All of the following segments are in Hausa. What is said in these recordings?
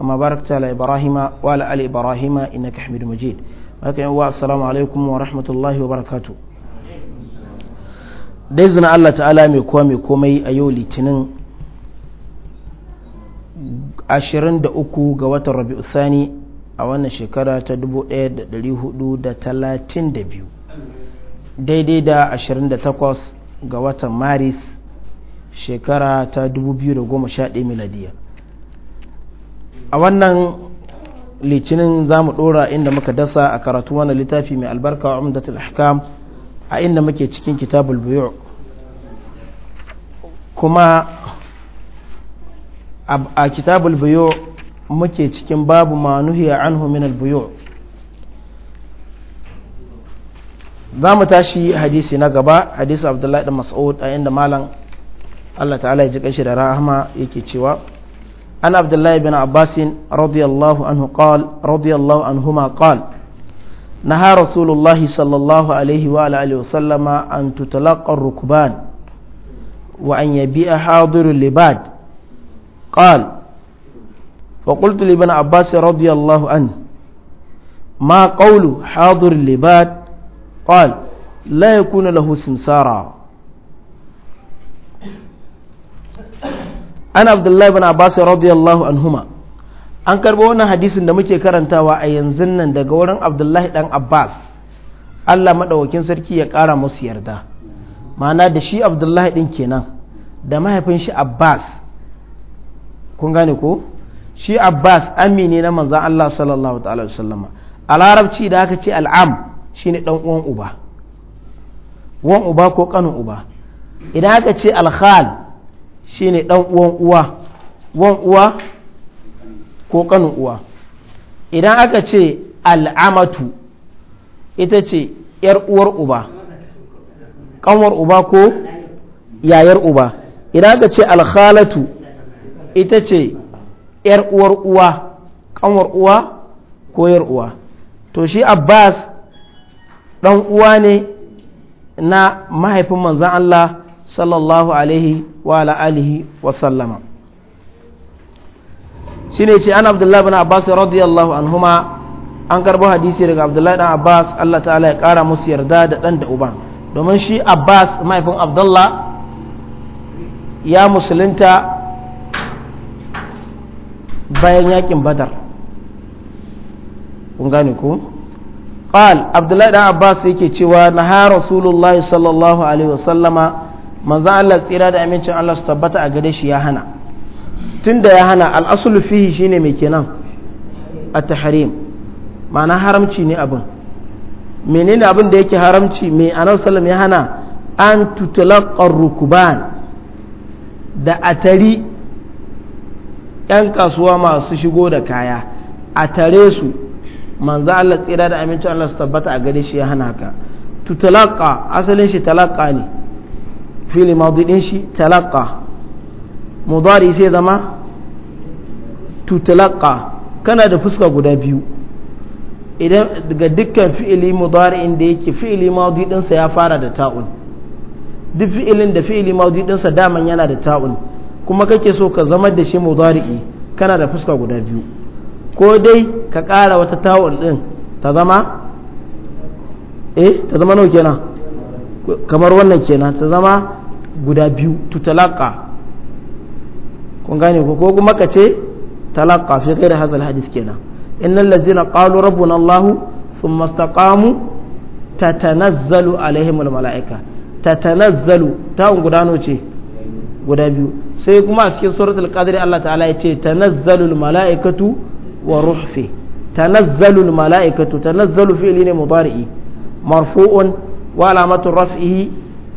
كما باركت على إبراهيم وعلى آل إبراهيم إنك حميد مجيد السلام عليكم ورحمة الله وبركاته da izinin Allah ta'ala mai kowa mai komai a yau litinin 23 ga watan rabi'u thani a wannan shekara ta 1432 daidai da 28 ga watan maris shekara ta 2011 miladiya a wannan litinin za mu ɗora inda muka dasa a karatu wani littafi mai albarka wa umdatul ahkam a inda muke cikin kitabul buyu kuma a kitabul buyu muke cikin babu ma nuhiya anhu min buyu za mu tashi hadisi na gaba hadisi abdullahi da mas'ud a inda malam Allah ta'ala ya ji kashi da rahama yake cewa عن عبد الله بن عباس رضي الله عنه قال رضي الله عنهما قال نهى رسول الله صلى الله عليه وآله وسلم أن تتلقى الركبان وأن يبيع حاضر اللباد قال فقلت لابن عباس رضي الله عنه ما قول حاضر اللباد قال لا يكون له سمسارا an abdullahi bin abbas radiyallahu anhuma an karbo wannan hadisin da muke karantawa a yanzu nan daga wurin abdullahi dan abbas allah maɗaukin sarki ya ƙara musu yarda ma'ana da shi abdullahi ɗin kenan da mahaifin shi abbas kun gane ko shi abbas amini na manzan allah sallallahu ta'ala sallama a larabci da aka ce al'am shi ne dan uwan uba uwan uba ko kanin uba idan aka ce alhal. shine dan uwan uwa wan uwa ko kanin uwa idan aka ce al'amatu ita ce yar uwar uba kanwar uba ko yayar uba idan aka ce alkhalatu ita ce yar uwar uwa kanwar uwa ko yar uwa to shi abbas dan uwa ne na mahaifin manzan Allah sallallahu alaihi wa ala alihi wa sallama shine ce an abdullahi bin abbas radiyallahu anhuma an karbo hadisi daga abdullahi dan abbas Allah ta'ala ya kara musu yarda da dan da uban domin shi abbas mahaifin abdullah ya musulunta bayan yakin badar kun gane ku qal abdullahi dan abbas yake cewa na ha rasulullahi sallallahu alaihi wasallama manzo Allah tsira da amincin Allah su tabbata a gare shi ya hana da ya hana al'asulu fihi shine mai kenan at-tahrim ma'ana haramci ne abin menene abin da yake haramci mai annabi salam ya hana an tutulaqqar rukuban da atari yan kasuwa masu shigo da kaya a tare su manzo Allah tsira da amincin Allah su tabbata a gare shi ya hana ka tutulaka asalin shi talaka ne fili maudu ɗin shi talaqqa mudari sai zama tutalaqqa kana da fuska guda biyu idan daga dukkan fi'ili mudari'in da yake fi'ili madi ɗinsa ya fara da ta'un duk fi'ilin da fi'ili madi ɗinsa daman yana da ta'un kuma kake so ka zama da shi mudari kana da fuska guda biyu ko dai ka ƙara wata ta'un din ta zama eh ta zama nau kenan kamar wannan kenan ta zama guda biyu tutalaka kun gane ko ko kuma kace ce talaka fi ghairi hadha alhadith kenan innal ladzina qalu rabbuna allah thumma istaqamu tatanazzalu alaihim almalaika tatanazzalu ta gudano ce guda biyu sai kuma a cikin suratul qadri Allah ta'ala ya ce tanazzalul mala'ikatu wa ruhfi tanazzalul mala'ikatu tanazzalu fi'li ne mudari'i marfu'un وعلامة رفعه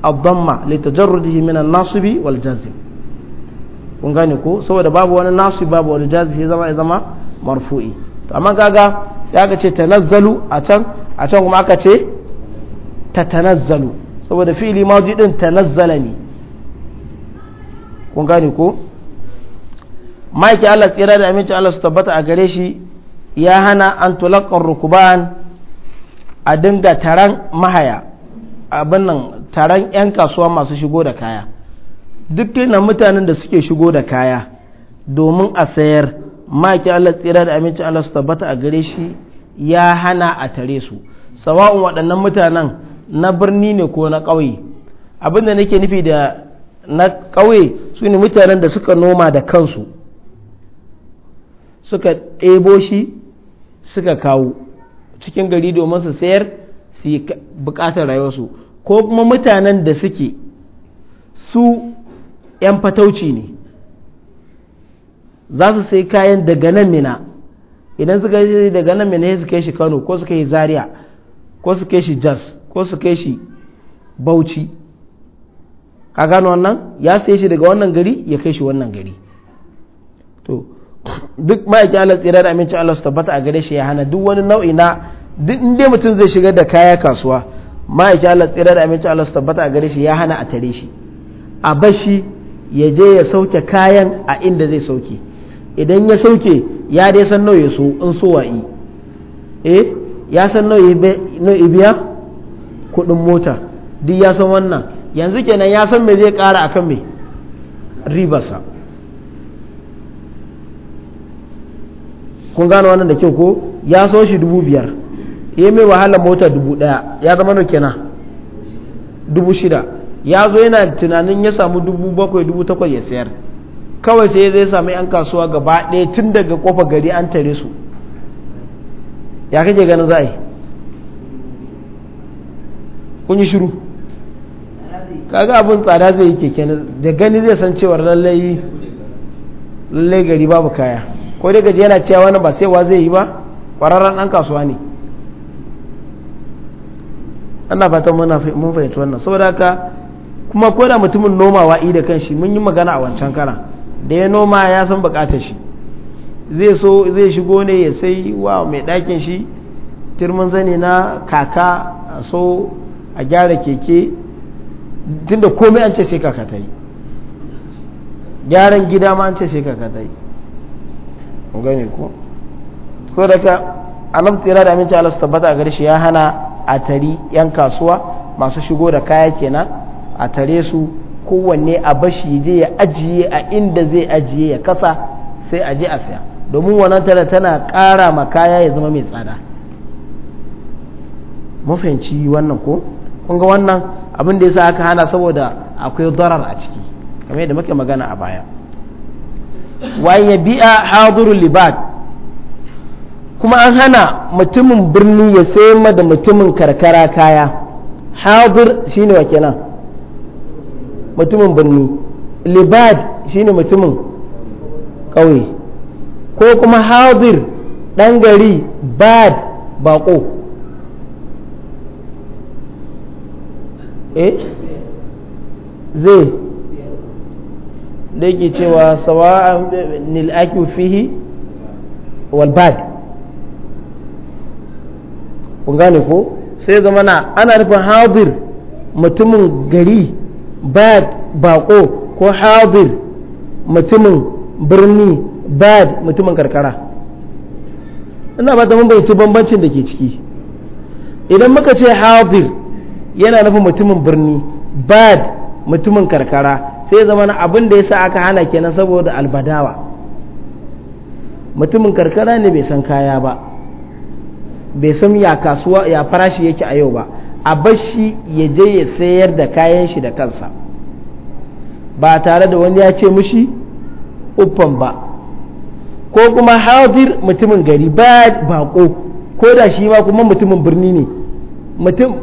الضمة لتجرده من الناصب والجازم kun gane ko saboda babu wani nasu babu wani jazifi zama ya zama marfu'i to amma kaga sai aka ce tanazzalu a can a can kuma aka ce ta tanazzalu saboda fi'ili maji din tanazzala ne kun gane ko maiki Allah tsira da aminci Allah su tabbata a gare shi ya hana an tulakan rukuban a dinga taran mahaya abin nan taron 'yan kasuwa masu shigo da kaya duk na mutanen da suke shigo da kaya domin a sayar maki Allah tsira da amincin Allah su tabbata a gare shi ya hana a tare su sawa'un waɗannan mutanen na birni ne ko na ƙauye abin da nake nufi da na ƙauye su ne mutanen da suka noma da kansu suka ɗebo shi suka kawo cikin gari domin su sayar su yi bukatar rayuwarsu ko kuma mutanen da suke su 'yan fatauci ne za su sai kayan daga nan mina idan suka yi daga nan mina su kai shi kano ko su kai zaria ko su kai shi jas ko su kai shi bauchi ka gano wannan ya sai shi daga wannan gari ya kai shi wannan gari to duk ma'aikin Allah tsira da amincin Allah su tabbata a gare shi ya hana duk wani nau'i na duk inda mutum zai shigar da kaya kasuwa ma'aiki Allah tsira da aminci Allah su tabbata a gare shi ya hana a tare shi a bashi ya je ya sauke kayan a inda zai sauke idan ya sauke ya dai san nauyi su in so wa'i eh ya san nau'i biya kudin mota duk ya san wannan yanzu kenan ya san me zai kara akan me ribarsa kun gano wannan da kyau ko ya so shi dubu biyar ya mai wahala mota dubu daya ya zama no na? dubu shida ya zo yana tunanin ya samu dubu bakwai dubu takwas ya sayar kawai sai zai sami yan kasuwa gaba ɗaya tun daga kofa gari an tare su ya kake ganin za kun yi shiru kaga abin tsada zai yi keke da gani zai san cewar lallai lallai gari babu kaya ko dai gaji yana cewa wani ba sai wa zai yi ba ƙwararren ɗan kasuwa ne ana fatan mun fahimci wannan saboda haka kuma ko da mutumin noma i da kanshi mun yi magana a wancan karan da ya noma ya san bukatar shi zai so zai shigo ne ya sai wa mai ɗakin shi turmin zane na kaka a so a gyara keke tunda komai an ce sai kaka ta yi gyaran gida ma an ce sai kaka ta yi gane ko saboda daga annabi tsira da aminci Allah su tabbata a gare shi ya hana a tari 'yan kasuwa masu shigo da kaya kenan a tare su kowanne a bashi je ya ajiye a inda zai ajiye ya kasa sai aje a saya domin wannan tara tana ƙara ma kaya ya zama mai tsada mafiyanci wannan ko kun ga wannan abin da yasa aka hana saboda akwai darar a ciki kamar yadda muke magana a baya wa ya bi'a hadirul libat. kuma an hana mutumin birni ya sayar da mutumin karkara kaya hadir shine wa kenan mutumin birni libad shine mutumin ƙauye ko kuma hadir ɗan gari bad bako eh zai da yake cewa sawa'an nil'aki fihi wal bad kun gane ko sai zama na ana nufin hadir mutumin gari bad bako ko hadir mutumin birni bad mutumin karkara ina ba ta mun bambancin da ke ciki idan muka ce hadir yana nufin mutumin birni bad mutumin karkara sai zama na abin da yasa aka hana kenan saboda albadawa mutumin karkara ne bai san kaya ba bai san ya kasuwa ya farashi yake a yau ba a bashi ya je ya sayar da kayan shi da kansa ba tare da wani ya ce mushi uffan ba ko kuma hadir mutumin gari ba bako ko da shi ma kuma mutumin birni ne mutum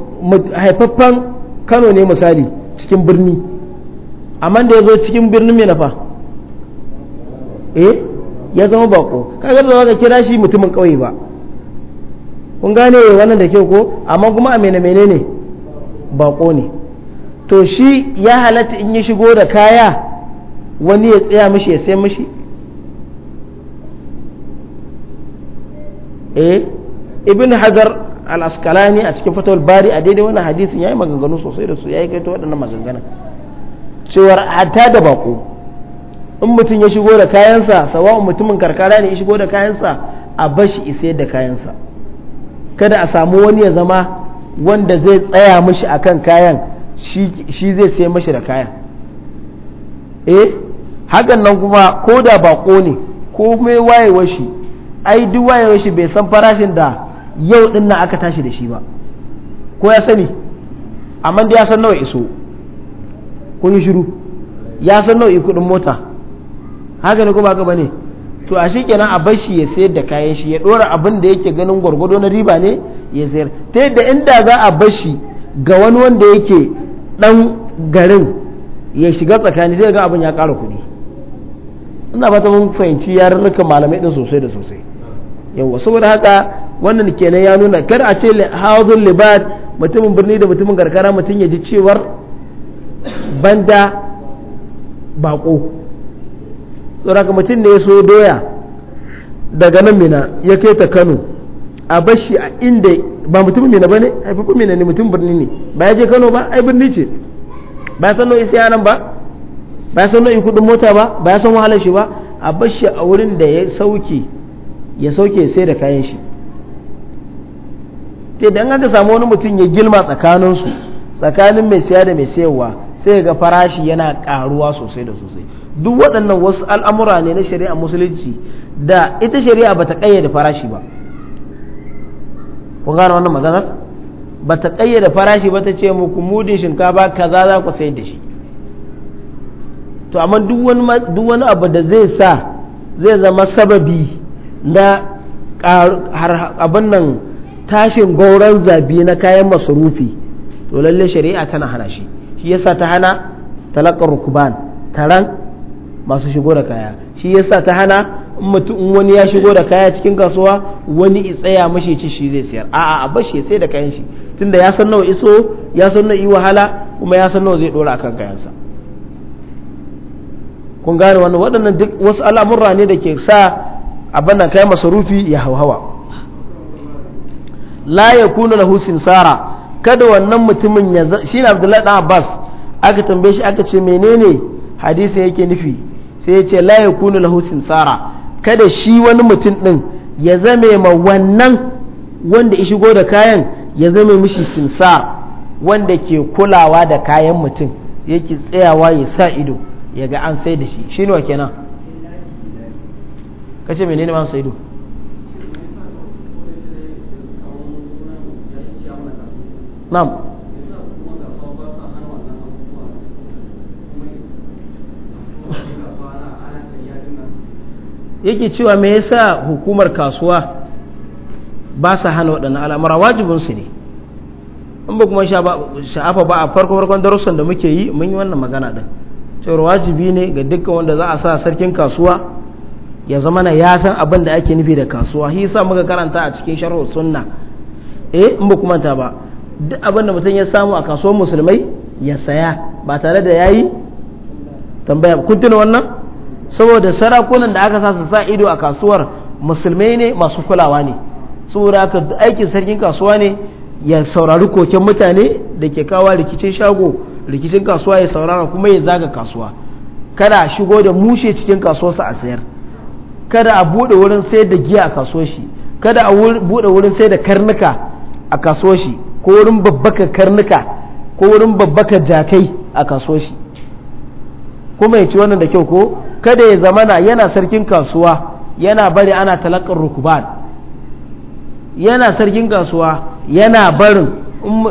haifaffen kano ne misali cikin birni amma da ya zo cikin birnin mai nafa eh ya zama bako kaga da za ka kira shi mutumin ƙauye ba kun gane wannan da kyau ko amma kuma a mene ne bako ne to shi ya halatta in ya shigo da kaya wani ya tsaya mishi ya sai mishi eh ibn hajar al-askalani a cikin fatawar bari a daidai wannan hadisin yayi maganganu sosai da su yayi kaito waɗannan maganganun cewar hatta da bako in mutum ya shigo da kayansa sawa'un mutumin karkara ne ya shigo da kayansa a bashi isai da kayansa kada a samu wani ya zama wanda zai tsaya mashi a kan kayan shi zai sai mashi da kayan eh hakan nan kuma ko da bako ne ko mai wayewa shi ai duk wayewa shi bai san farashin da yau din nan aka tashi da shi ba ko ya sani amma da ya san nawa iso kun shiru ya san nawa kudin mota haka ne ko ba ka bane to a shi kenan a bashi ya sayar da kayan shi ya dora abin da yake ganin gwargwado na riba ne ya sayar ta yadda inda za a bashi ga wani wanda yake dan garin ya shiga tsakani sai ga abin ya ƙara kuɗi ina fata mun fahimci yarurrukan malamai din sosai da sosai yawa saboda haka wannan kenan ya nuna kar a ce hauzun libat mutumin birni da mutumin karkara mutum ya ji cewar banda baƙo. tsoraka mutum ne ya so doya daga nan mina ya kai ta kano a bashi a inda ba mutum mina ba ne haifafi mina ne mutum birni ne ba ya je kano ba ai birni ce ba ya san nau'i sai nan ba ba ya san nau'i kudin mota ba ba ya san wahalar shi ba a bashi a wurin da ya sauke ya sauke sai da kayan shi sai da an ka samu wani mutum ya gilma tsakaninsu tsakanin mai siya da mai sayarwa sai ga farashi yana karuwa sosai da sosai duk waɗannan wasu al'amura ne na shari'a musulunci da ita shari'a ba ta ƙayyade farashi ba kun gano wannan maganar ba ta ƙayyade farashi ba ta ce muku mudin shinkafa kaza za ku sayar da shi to amma duk wani abu da zai sa zai zama sababi na abin nan tashin gauran zabi na kayan masarufi to lalle shari'a tana hana shi shi yasa ta hana talakar rukuban taran masu shigo da kaya shi yasa ta hana mutum wani ya shigo da kaya cikin kasuwa wani i tsaya mashi ci shi zai siyar a'a a bar shi sai da kayan shi tunda ya san nawa iso ya san nawa wahala kuma ya san nawa zai dora akan kayansa kun gane wannan waɗannan duk wasu al'amurra ne da ke sa abin kai masarufi ya hauhawa la yakunu lahu sinsara kada wannan mutumin ya shi ne Abdullahi dan Abbas aka tambaye shi aka ce menene hadisi yake nufi sai ya ce la yakunu lahusin tsara kada shi wani mutum ɗin ya zame ma wannan wanda ishigo shigo da kayan ya zame mishi sinsa wanda ke kulawa da kayan mutum yake tsayawa ya sa ido ya ga an sai da shi shi ne kenan kace ma sai ido na'am yake cewa me yasa hukumar kasuwa ba sa hana waɗannan al'amura wajibin su ne in ba kuma sha'afa ba a farko farkon darussan da muke yi mun yi wannan magana din cewar wajibi ne ga dukkan wanda za a sa sarkin kasuwa ya zama na ya san abin da ake nufi da kasuwa shi yasa muka karanta a cikin sharhu sunna eh in ba kuma ta ba duk abin da mutum ya samu a kasuwar musulmai ya saya ba tare da yayi tambaya kun tuna wannan saboda sarakunan da aka sa su sa ido a kasuwar musulmai ne masu kulawa ne saboda haka aikin sarkin kasuwa ne ya saurari koken mutane da ke kawo rikicin shago rikicin kasuwa ya saurara kuma ya zaga kasuwa kada shigo da mushe cikin kasuwarsa a sayar kada a bude wurin sai da giya a kasuwar shi kada a bude wurin sai da karnuka a kasuwar shi ko wurin babbaka karnuka ko wurin babbaka jakai a kasuwar shi kuma ya ci wannan da kyau ko kada ya zamana yana sarkin kasuwa yana bari ana talakar rukuban yana sarkin kasuwa yana barin um,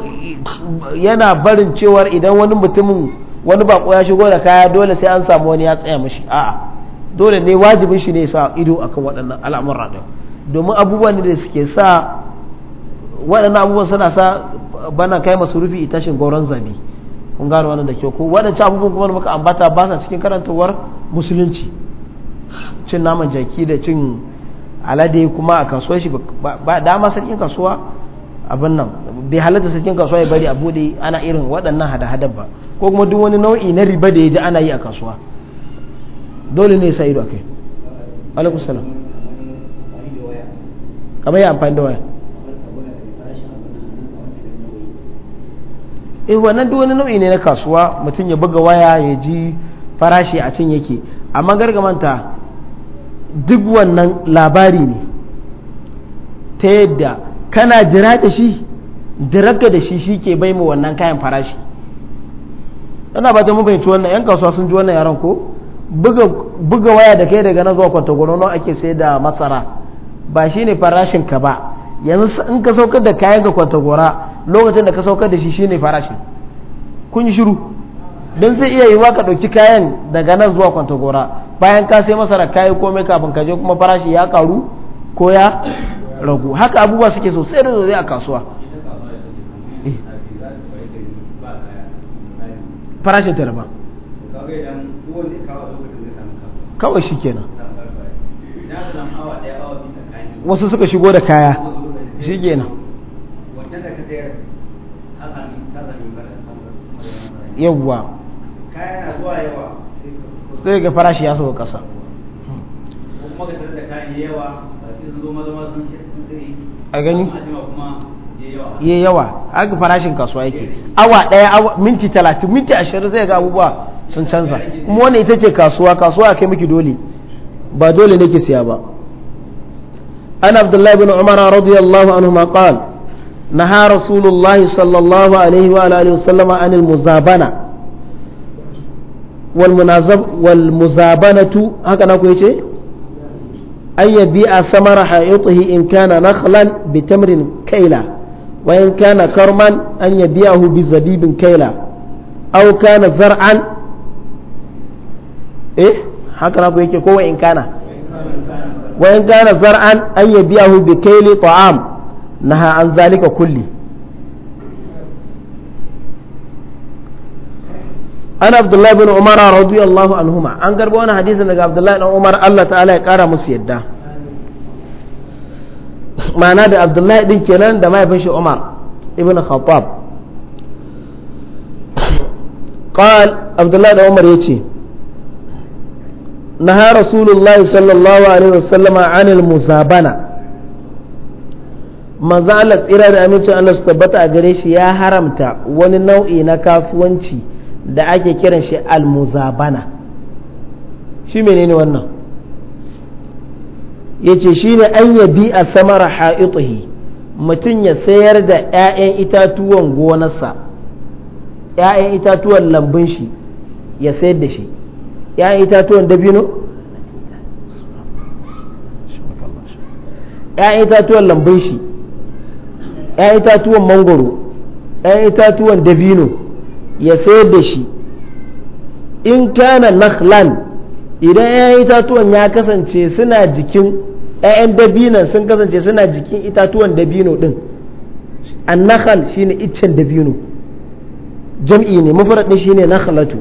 yana barin cewar idan wani mutumin wani bako ya shigo da kaya dole sai an samu wani ya tsaya mashi a'a dole ne wajibin shi ne sa ido akan waɗannan al'amuran din domin abubuwan da suke sa waɗannan abubuwan suna sa bana kai masu rufi itashin goron zabi kun gano wannan da ke ko waɗancan abubuwan kuma muka ambata ba sa cikin karantawar musulunci cin naman jaki da cin alade kuma a kasuwar shi ba dama sarkin kasuwa abin nan bai halatta sarkin kasuwa ya bari a bude ana irin waɗannan hada-hadan ba ko kuma duk wani nau'i na riba da ya ji ana yi a kasuwa dole ne sa ido a kai alaikum salam kamar ya amfani da waya eh wannan duk wani nau'i ne na kasuwa mutum ya buga waya ya ji farashi a cin yake amma gargamanta duk wannan labari ne ta yadda kana jira da shi diraka da shi shi ke bai mu wannan kayan farashi ina ba ta mu fahimci wannan yan kasuwa sun ji wannan yaran ko buga waya da kai daga nan zuwa kwantagoro nawa ake sai da masara ba shi ne farashin ka ba yanzu in ka saukar da kayan ga kwantagora lokacin da ka saukar da shi shi ne farashin kun yi shiru don zai iya yiwa ka ɗauki kayan daga nan zuwa kwantagora bayan ka sai masara kayi komai kafin ka je kuma farashi ya karu ko ya ragu haka abubuwa suke so sai da zai a kasuwa eh. farashin ta daban kawai shi kenan wasu suka shigo da kaya shi kenan yawwa sai ga farashi ya sauka kasa a gani ya yawa haka farashin kasuwa yake awa daya minti talatin minti ashirin zai ga abubuwa sun canza kuma wani ita ce kasuwa kasuwa kai miki dole ba dole nake siya ba an abdullahi bin umar radiyallahu anhu ma qala نهى رسول الله صلى الله عليه وآله وسلم عن المزابنة والمنازب والمزابنة هكذا كويتي أن يبيع ثمر حائطه إن كان نخلا بتمر كيلا وإن كان كرما أن يبيعه بزبيب كيلا أو كان زرعا إيه هكذا كويتي كو إن كان وإن كان زرعا أن يبيعه بكيل طعام naha an zalika kulli an abdullahi bin umar radiyallahu anhuma an garba wani hadisin daga abdullahi dan umar Allah ta'ala ya kara musu yadda ma'ana da abdullahi din kenan da mahaifin shi umar ibn khattab قال عبد الله بن عمر يتي نهى رسول الله صلى الله عليه وسلم عن المزابنه mazalat ira tsira da amincin Allah su tabbata a gare shi ya haramta wani nau'i na kasuwanci da ake kiran shi almuzabana shi menene wannan yace shine an yabi a samara ha'ituhi mutum ya sayar da 'ya'yan itatuwan gonarsa 'ya'yan itatuwan lambun shi ya sayar da shi 'ya'yan itatuwan dabino ‘ya'yan itatuwan lambun shi 'ya'yan itatuwan mangoro 'ya'yan itatuwan dabino ya sayar da shi in kana nakhlan idan 'ya'yan itatuwan ya kasance suna jikin 'ya'yan dabino sun kasance suna jikin itatuwan dabino din an nakhal shine iccen dabino jam'i ne shi ne nakhalatu.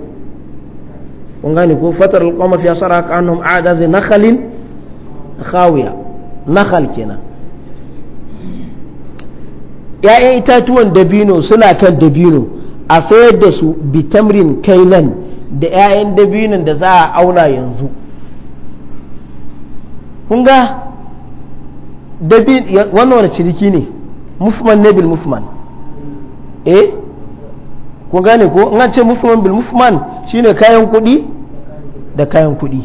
kun gane ko fatar alqawma fi asara ka annahum nakhalin khawiya nakhal kenan 'ya'yan itatuwan dabino suna kan dabino a sayar da su bitamrin kailan da 'ya'yan dabinon da za a auna yanzu kunga wannan wani ciniki ne mufman ne bil mufman eh kun gane ko in an ce mufman bil mufman shine kayan kuɗi da kayan kuɗi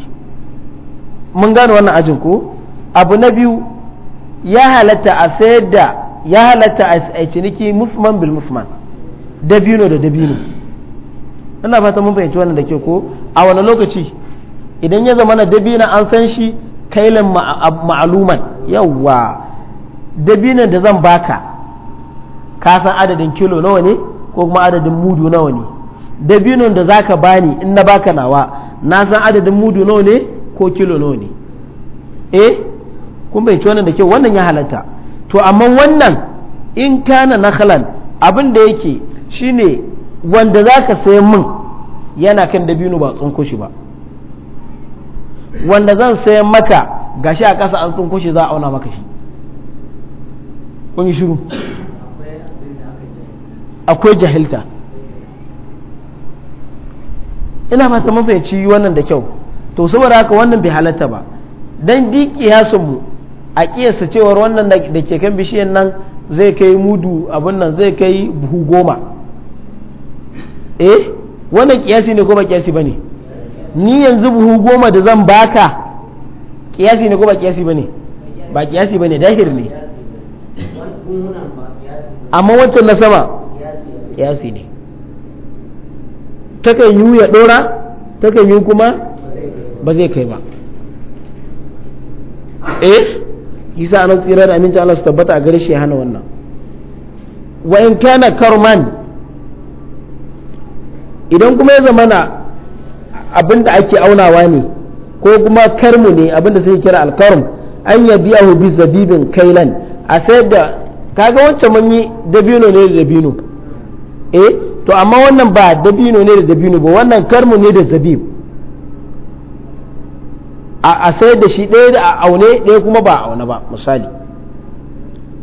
mun gane wannan ajin ko abu na biyu ya halatta a sayar da ya halatta a ciniki mufman bil mufman dabino da dabino ina fata mun fahimci wannan da ke ko a wani lokaci idan ya zama na dabina an san shi kailan ma'aluman yawwa dabinan da zan baka ka san adadin kilo nawa ne ko kuma adadin mudu nawa ne dabino da zaka bani in na baka nawa na san adadin mudu nawa ne ko kilo nawa ne eh kun bai wannan da kyau wannan ya halatta to amma wannan in kana nakhalan abin da yake shine wanda zaka sayan min yana kan dabino ba tsunko shi ba wanda zan sayan maka gashi a ƙasa an tsunko shi za a auna maka shi kun yi shiru akwai jahilta ina fata mun fahimci wannan da kyau to saboda haka wannan bai halatta ba dan di kiyasin mu a kiyasta cewar wannan da ke kan bishiyan nan zai kai mudu abin nan zai kai buhu goma eh wannan kiyasi ne ko ba kiyasi ba ne ni yanzu buhu goma da zan baka kiyasi ne ko ba kiyasi ba ne ba kiyasi ba ne dahir ne amma wancan na sama kiyasi ne takan yi ya dora takan yi kuma ba zai kai ba eh isa ana tsira da aminci Allah su tabbata a gare shi hana wannan wa in kana karman idan kuma ya zamana abinda ake aunawa ne ko kuma karmu ne abinda sai kira alkarm an yabiyahu bi zabibin kailan a sayar da kaga wancan mun yi dabino ne da dabino eh to amma wannan ba dabino ne da dabino ba wannan karmu ne da zabib a sayar da shi ɗaya da a aune ɗaya kuma ba a aune ba misali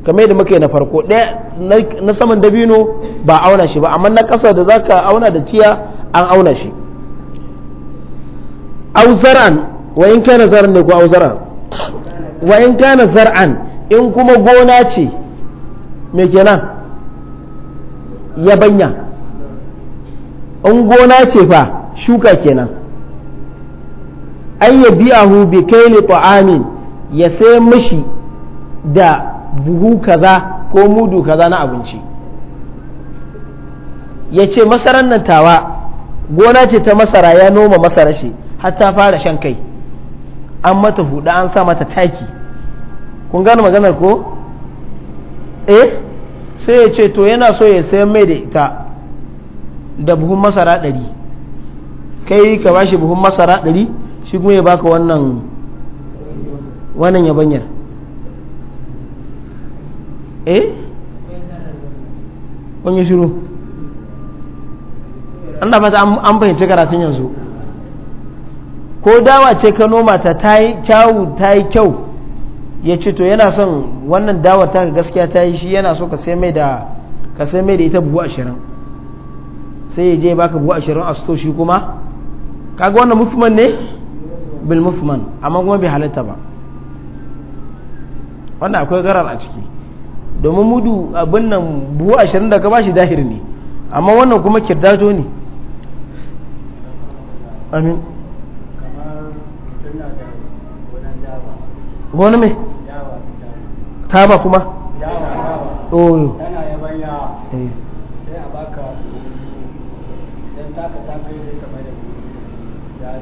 kamar yadda muka yi na farko ɗaya na saman dabino ba a auna shi ba amma na ƙasa da za ka auna da tiya an auna shi auzaran wa in kana zaran ne ko auzaran wa in kana zar'an in kuma gona ce me kenan yabanya in gona ce fa shuka kenan an ya hu bi ne Amin ya sai mashi da buhu kaza ko mudu kaza na abinci ya ce masarar nan tawa gona ce ta masara ya noma masara shi har ta fara shan kai an mata huɗu an sa mata taki kun gane maganar ko eh sai ya ce to yana so ya sayan mai da ita da buhun masara ɗari kai ka bashi buhun masara ɗari shi kuma ya baka wannan wannan yabanyar eh kun yi shiru an da fata an fahimci karatun yanzu ko dawa ce ka noma ta ta yi kyawu ta yi kyau ya ce to yana son wannan dawa ta gaskiya ta yi shi yana so ka sai mai da ka sai mai da ita buhu ashirin sai ya je baka buhu ashirin a sito shi kuma kaga wannan mutumin ne bil mufman amma kuma bai halitta ba wanda akwai garar a ciki domin mudu abin nan buhu ashirin da ka bashi dahir ne amma wannan kuma kirdato ne amin wani mai ba kuma oyo yana sai a baka don taka ta kai zai kamar da ya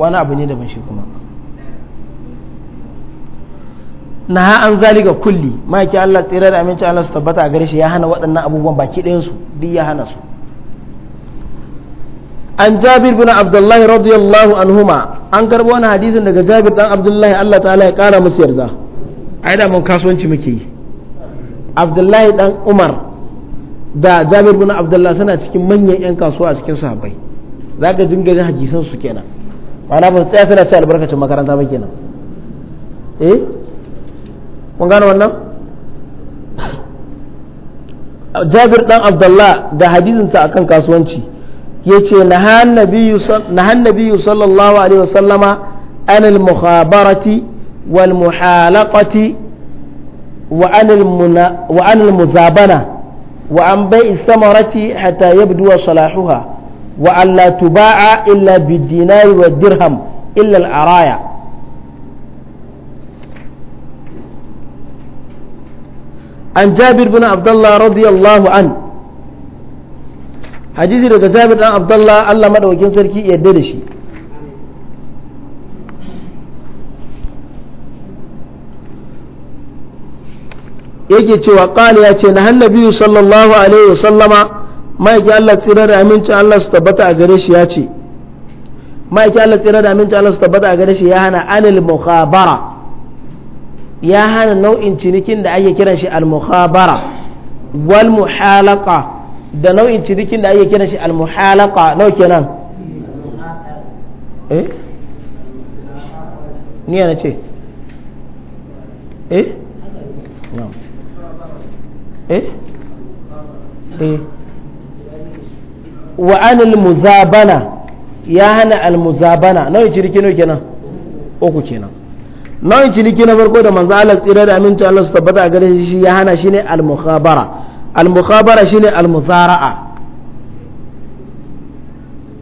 wani abu ne ban shi kuma na ha an ga kulli maki Allah tsira da aminci Allah su tabbata a gare ya hana waɗannan abubuwan baki ɗayan su duk ya hana su an jabir bin abdullahi radiyallahu anhuma an karbo wani hadisin daga jabir dan abdullahi Allah ta'ala ya kara musu yarda ai da mun kasuwanci muke yi abdullahi dan umar da jabir bin abdullahi suna cikin manyan 'yan kasuwa a cikin sahabbai za ka dinga hadisan su kenan ma'ana ba tsaya tana ce albarkacin makaranta ba kenan eh kun gane wannan jabir dan abdullah da hadisinsa akan kasuwanci ya ce nahan nabiyu sallallahu alaihi wasallama anil muhabarati wal muhalaqati wa anil muzabana wa an bai samarati hatta yabduwa salahuha wa alla tuba'a illa bidinari wa dirham illa al'araya an jabir bin abdullah radiyallahu an hadisi daga jabir dan abdullah Allah madaukakin sarki yadda da shi yake cewa qala ya ce na hannabi sallallahu alaihi ma'aikin Allah tsira da amincin Allah su tabbata a gare shi ya ce ma'aikin Allah tsira da amincin Allah su tabbata a gare shi ya hana anil mukhabara ya hana nau'in cinikin da ake kiran shi al mukhabara wal muhalaqa da nau'in cinikin da ake kiran shi al muhalaqa nau kenan eh ni na ce eh eh eh wa anil muzabana ya hana al muzabana nau'in ciniki nawa kenan uku kenan nau'in ciniki na farko da manzo Allah tsira da aminci Allah su tabbata a gare shi ya hana shine al mukhabara al mukhabara shine al muzara'a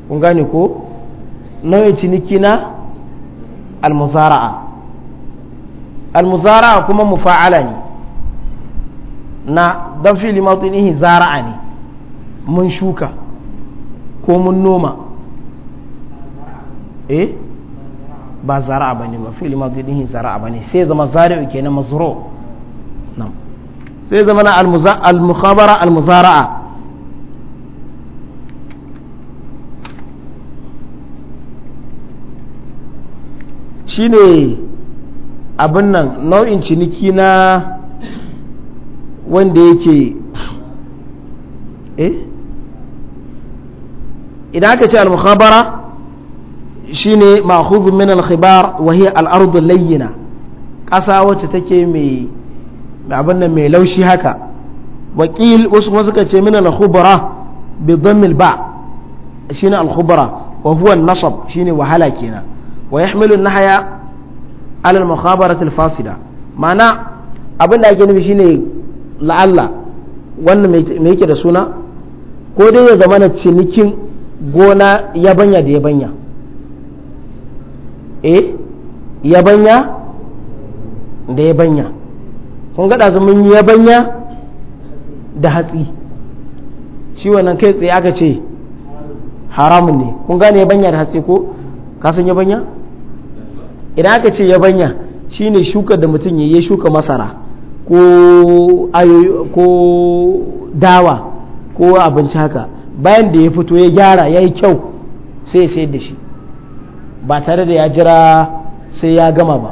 kun gane ko nau'in ciniki na al muzara'a al muzara'a kuma mufa'ala ne na dan fili ne zara'a ne mun shuka ko mun noma eh ba zara'a ba ne ba fi'il madhi din zara'a ba ne sai zama zari'u kenan mazru nam sai zama na al-mukhabara al-muzara'a shine abin nan nau'in ciniki na wanda yake eh idan aka ce al-mukhabara shine ma'khudh min al-khibar wa hiya al-ard layyina ƙasa wacce take mai abin nan mai laushi haka wakil wasu kuma suka ce min al-khubra bi dhammil ba shine al-khubra wa huwa an-nasab shine wahala kenan wa yahmilu an-nahya ala al-mukhabarati al-fasida ma'ana abin da ake nufi shine la'alla wannan mai yake da suna ko dai ya zama na cinikin gona yabanya da yabanya eh yabanya da yabanya kun gada su mun yi yabanya da hatsi shi wannan kai tsaye aka ce haramun ne kun gane yabanya da hatsi ko kasan yabanya idan aka ce yabanya shine shuka da mutum ya yi shuka masara ko dawa ko abinci haka bayan da ya fito ya gyara ya yi kyau sai ya sayar da shi ba tare da ya jira sai ya gama ba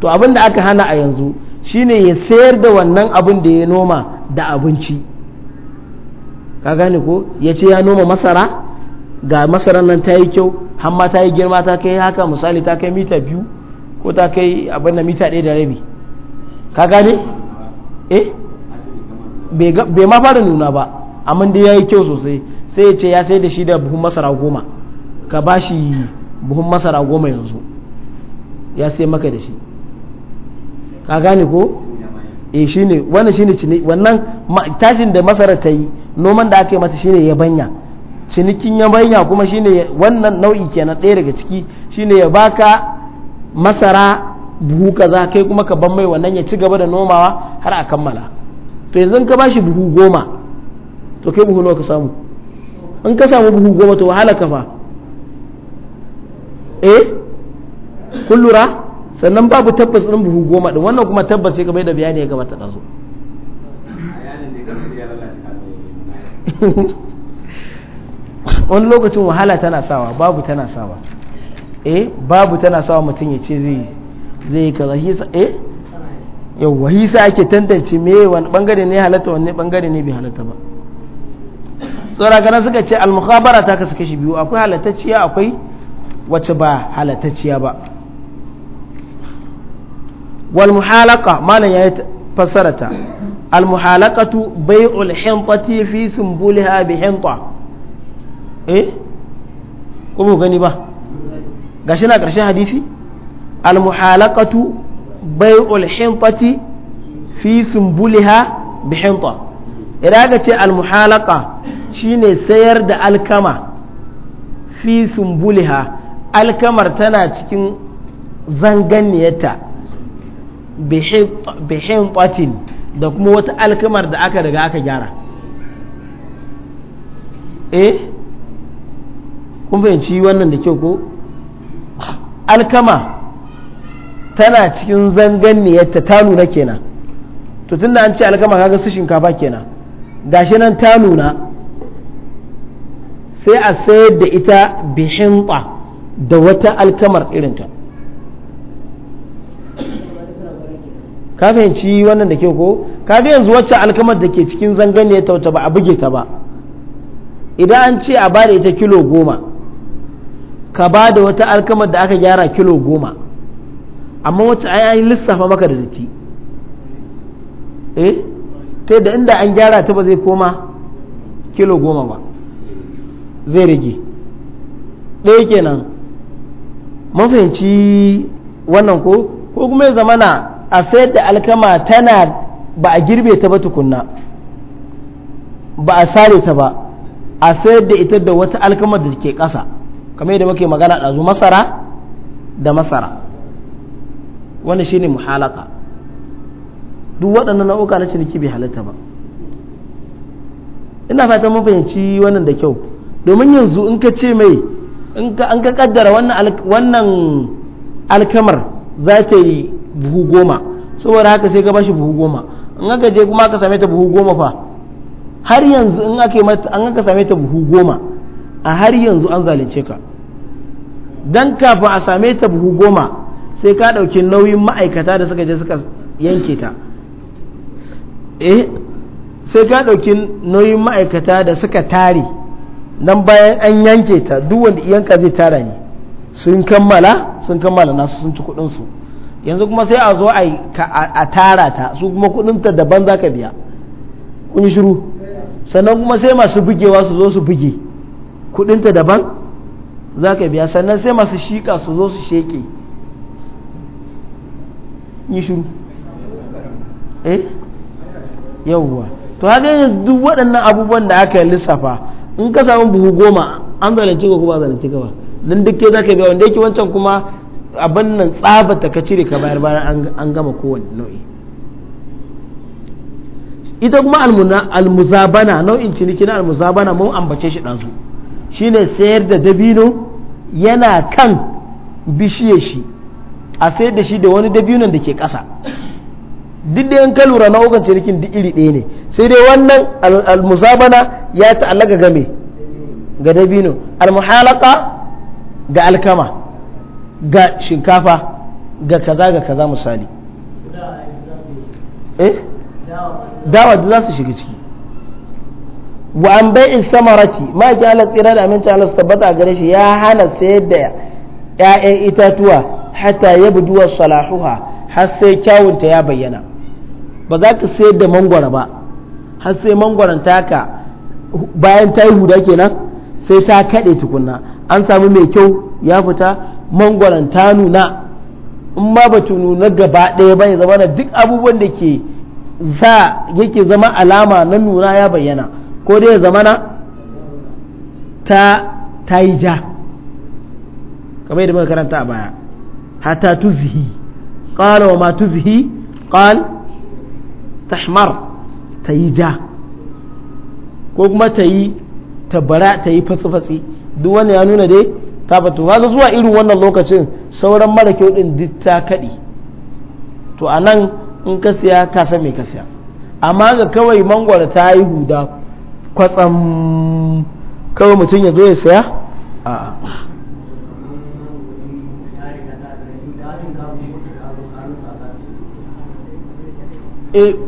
to abin da aka hana a yanzu shine ya sayar da wannan abin da ya noma da abinci ka gane ko ya ce ya noma masara ga masara nan ta yi kyau hamma ta yi girma ta kai haka misali ta kai mita biyu ko ta kai abin da mita ɗaya da rabi ka gane eh bai ma fara nuna ba amma dai yayi kyau sosai sai ya ce ya sai da shi da buhun masara goma ka ba shi buhun masara goma yanzu ya sai maka da shi ka gane ko e shine wannan shine cini wannan tashin da masara ta yi noman da aka yi mata shine yabanya cinikin yabanya kuma shine wannan nau'i kenan ɗaya daga ciki shine ya baka masara buhu kaza kai kuma ka ban mai wannan ya ci gaba da nomawa har a kammala to yanzu ka ba shi buhu goma to kai buhu nawa ka samu in ka samu buhu goma to wahala ka fa eh kun lura sannan babu tabbas din buhu goma din wannan kuma tabbas sai ka bai da bayani ya gabata ɗazu wani lokacin wahala tana sawa babu tana sawa eh babu tana sawa mutum ya ce zai zai kaza hisa eh yau wahisa ake tantance me wani bangare ne halatta wani bangare ne bai halatta ba tsora gana suka ce al-mukhabara ta kasu kashi biyu akwai halatacciya akwai wacce ba halatacciya ba wal muhalaqa malam yayi fassarata al muhalaqatu bai'ul hintati fi sumbulha bi hinta eh ko gani ba gashi na karshen hadisi al muhalaqatu bai'ul hintati fi sumbulha bi hinta idan aka ce al muhalaqa shine sayar da alkama fi sumbuliha alkamar tana cikin zanganiyarta bihin kwatin da kuma wata alkamar da aka daga aka gyara eh kun fahimci wannan da kyau ko alkama tana cikin zanganiyarta ta nuna kenan to tunda an ce alkama kaga su shinkafa kenan gashi nan ta nuna sai a sayar da ita bihinta da wata alkamar irinta ka fahimci wannan da ke ko ka ga yanzu wacce alkamar da ke cikin zangane ta wata ba a buge ta ba idan an ce a bada ita kilo goma ka ba da wata alkamar da aka gyara kilo goma amma wacce an yi lissafa maka da datti eh ta da inda an gyara ta ba zai koma kilo goma ba zai rage ɗaya kenan mafahimci wannan ko ko kuma ya zamana a sayar da alkama tana ba a girbe ta ba tukunna ba a sare ta ba a sayar da ita da wata alkama da ke ƙasa kamar yadda muke magana ɗazu masara da masara Wani shine muhalaka duk waɗannan na'uka na ciniki bai halitta ba ina fatan mun fahimci wannan da kyau domin yanzu in ka ce mai in ka an ka kaddara wannan alkamar za ta yi buhu goma saboda haka sai ka bashi buhu goma in aka je kuma aka same ta buhu goma fa har yanzu in aka an same ta buhu goma a har yanzu an zalunce ka don kafin a same ta buhu goma sai ka ɗauki nauyin ma'aikata da suka je suka yanke ta eh sai ka ɗauki nauyin ma'aikata da suka tare nan bayan an yanke ta duk wanda iyanka zai tara ne sun kammala sun kammala nasu sun ci kuɗin su yanzu kuma sai a zo a tara ta su kuma kuɗin ta daban za ka biya kun shiru sannan kuma sai masu bugewa su zo su buge kuɗin ta daban za ka biya sannan sai masu shika su zo su sheke yi shiru eh yawwa to haka duk waɗannan abubuwan da aka lissafa in ka samu buhu goma an zalunce ko ba zalunce ka ba dan duk ke zaka biya wanda yake wancan kuma abin nan tsabata ka cire ka bayar bayan an gama kowane nau'i ita kuma almuzabana nau'in ciniki na almuzabana mun ambace shi ɗansu shine sayar da dabino yana kan bishiyar shi a sayar da shi da wani dabinon da ke ƙasa duk da yan ka lura ogance cinikin duk iri ɗaya ne sai dai wannan almuzabana ya ta'allaka game ga dabino almuhalaka ga alkama ga shinkafa ga kaza ga kaza misali eh dawa da za su shiga ciki wa an bai samarati ma ji ala tsira da aminta Allah su tabbata gare shi ya hana sayar da yayan itatuwa hatta yabduwa salahuha har sai kyawunta ya bayyana ba za ka sayar da mangwara ba har sai ta ka bayan ta yi huda kenan sai ta kaɗe tukunna an sami mai kyau ya fita mangwaran ta nuna in ma ba ta nuna gaba ɗaya ba ya zama na duk abubuwan da ke za yake zama alama na nuna ya bayyana ko dai ya zama na ta yi ja kamar yadda muka karanta a baya hata tuzihi qala wa ma tuzihi tashmar ta yi ja ko kuma ta yi tabara ta yi fatsi-fatsi duk wani ya nuna dai ta batu kaga zuwa irin wannan lokacin sauran mara kyau din duk ta kaɗi to a nan in ka siya ka san me ka siya amma ga kawai mangwara ta yi huda kwatsam kawai mutum ya zo ya saya a'a e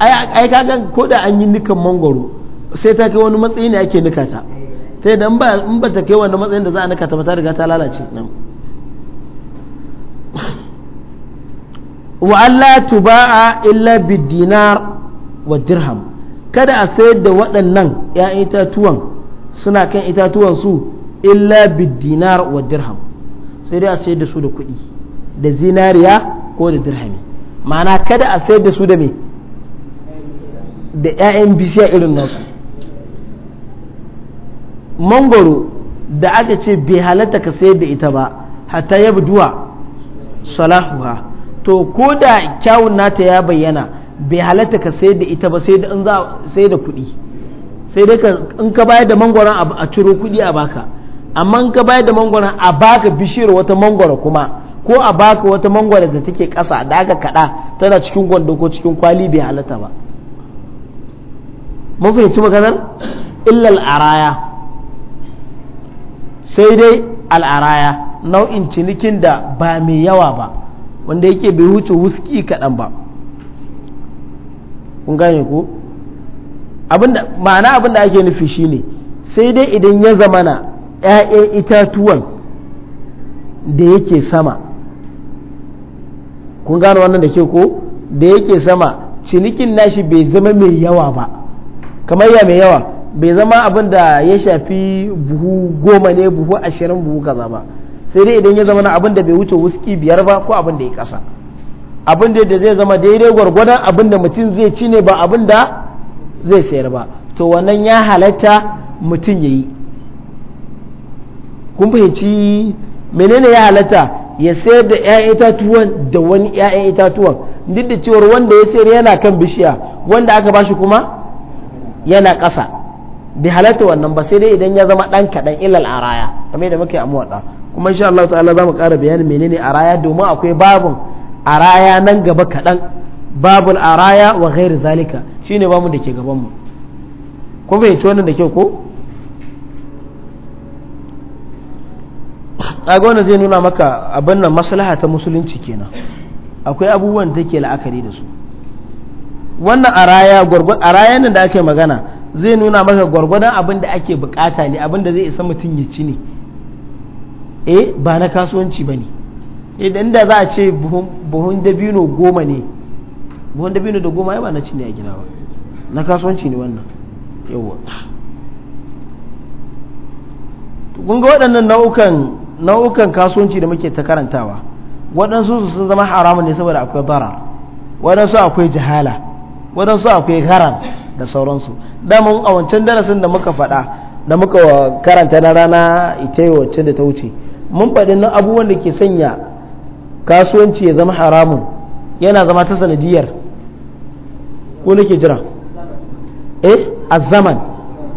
ai kaga ko da an yi nikan mangoro sai ta kai wani matsayi ne ake nika ta sai da in ba ta kai wani matsayin da za a nika ba ta riga ta lalace nan wa Allah tuba'a illa bidinar wa dirham kada a sayar da waɗannan 'ya'yan itatuwan suna kan itatuwan su illa bidinar wa dirham sai dai a sayar da su da kuɗi da zinariya ko da dirhami ma'ana kada a sayar da su da me da 'ya'yan bishiya irin nasu mangoro da aka ce bai halatta ka sayar da ita ba hatta ya duwa salahuha to ko da kyawun nata ya bayyana bai halatta ka sayar da ita ba sai da in za sai da kuɗi sai dai ka in ka bayar da mangoron a ciro kuɗi a baka amma in ka bayar da mangoron a baka bishiyar wata mangoro kuma ko a baka wata mangoro da take ƙasa da aka kaɗa tana cikin gwando ko cikin kwali bai halatta ba mun fahimci maganar illa araya sai dai al'araya nau'in cinikin da ba mai yawa ba wanda yake bai wuce wuski kaɗan ba kun gane ko ma'ana abin da ake nufi shine sai dai idan ya zamana 'ya'yan itatuwan da yake sama kun gane wannan da ke ko da yake sama cinikin nashi bai zama mai yawa ba kamar ya mai yawa bai zama abin da ya shafi buhu goma ne buhu ashirin buhu kaza ba sai dai idan ya zama na abin da bai wuce wuski biyar ba ko abin da ya kasa abin da zai zama daidai gwargwadon abin da mutum zai ci ne ba abin da zai sayar ba to wannan ya halatta mutum ya yi kun fahimci menene ya halatta ya sayar da 'ya'yan itatuwan da wani 'ya'yan itatuwan duk da cewar wanda ya sayar yana kan bishiya wanda aka bashi kuma yana ƙasa bi halatta wannan ba sai dai idan ya zama ɗan kaɗan ilal raya kamar da muke amuwa ɗan kuma insha Allah ta'ala za mu ƙara bayanin menene raya domin akwai babun raya nan gaba kaɗan babul raya wa ghairi zalika shine bamu da ke gaban mu ko bai ci wannan da kyau ko kaga wannan zai nuna maka abin nan maslaha ta musulunci kenan akwai abubuwan da take la'akari da su wannan a raya a rayan nan da ake magana zai nuna maka gwargwadon abin da ake bukata ne abin da zai isa mutum ya ci ne eh ba na kasuwanci ba ne idan da za a ce buhun dabino goma ne buhun dabino da goma ya ba na ci ne a gina ba na kasuwanci ne wannan yawa kun ga waɗannan nau'ukan nau'ukan kasuwanci da muke ta karantawa waɗansu sun zama haramun ne saboda akwai bara waɗansu akwai jihala waɗansu akwai haram da sauransu damun a wancan darasin da muka faɗa da muka karanta na rana ita yi wacce da ta wuce mun faɗi na abubuwan da ke sanya kasuwanci ya zama haramun yana zama ta sanadiyar ko nake jira eh a zaman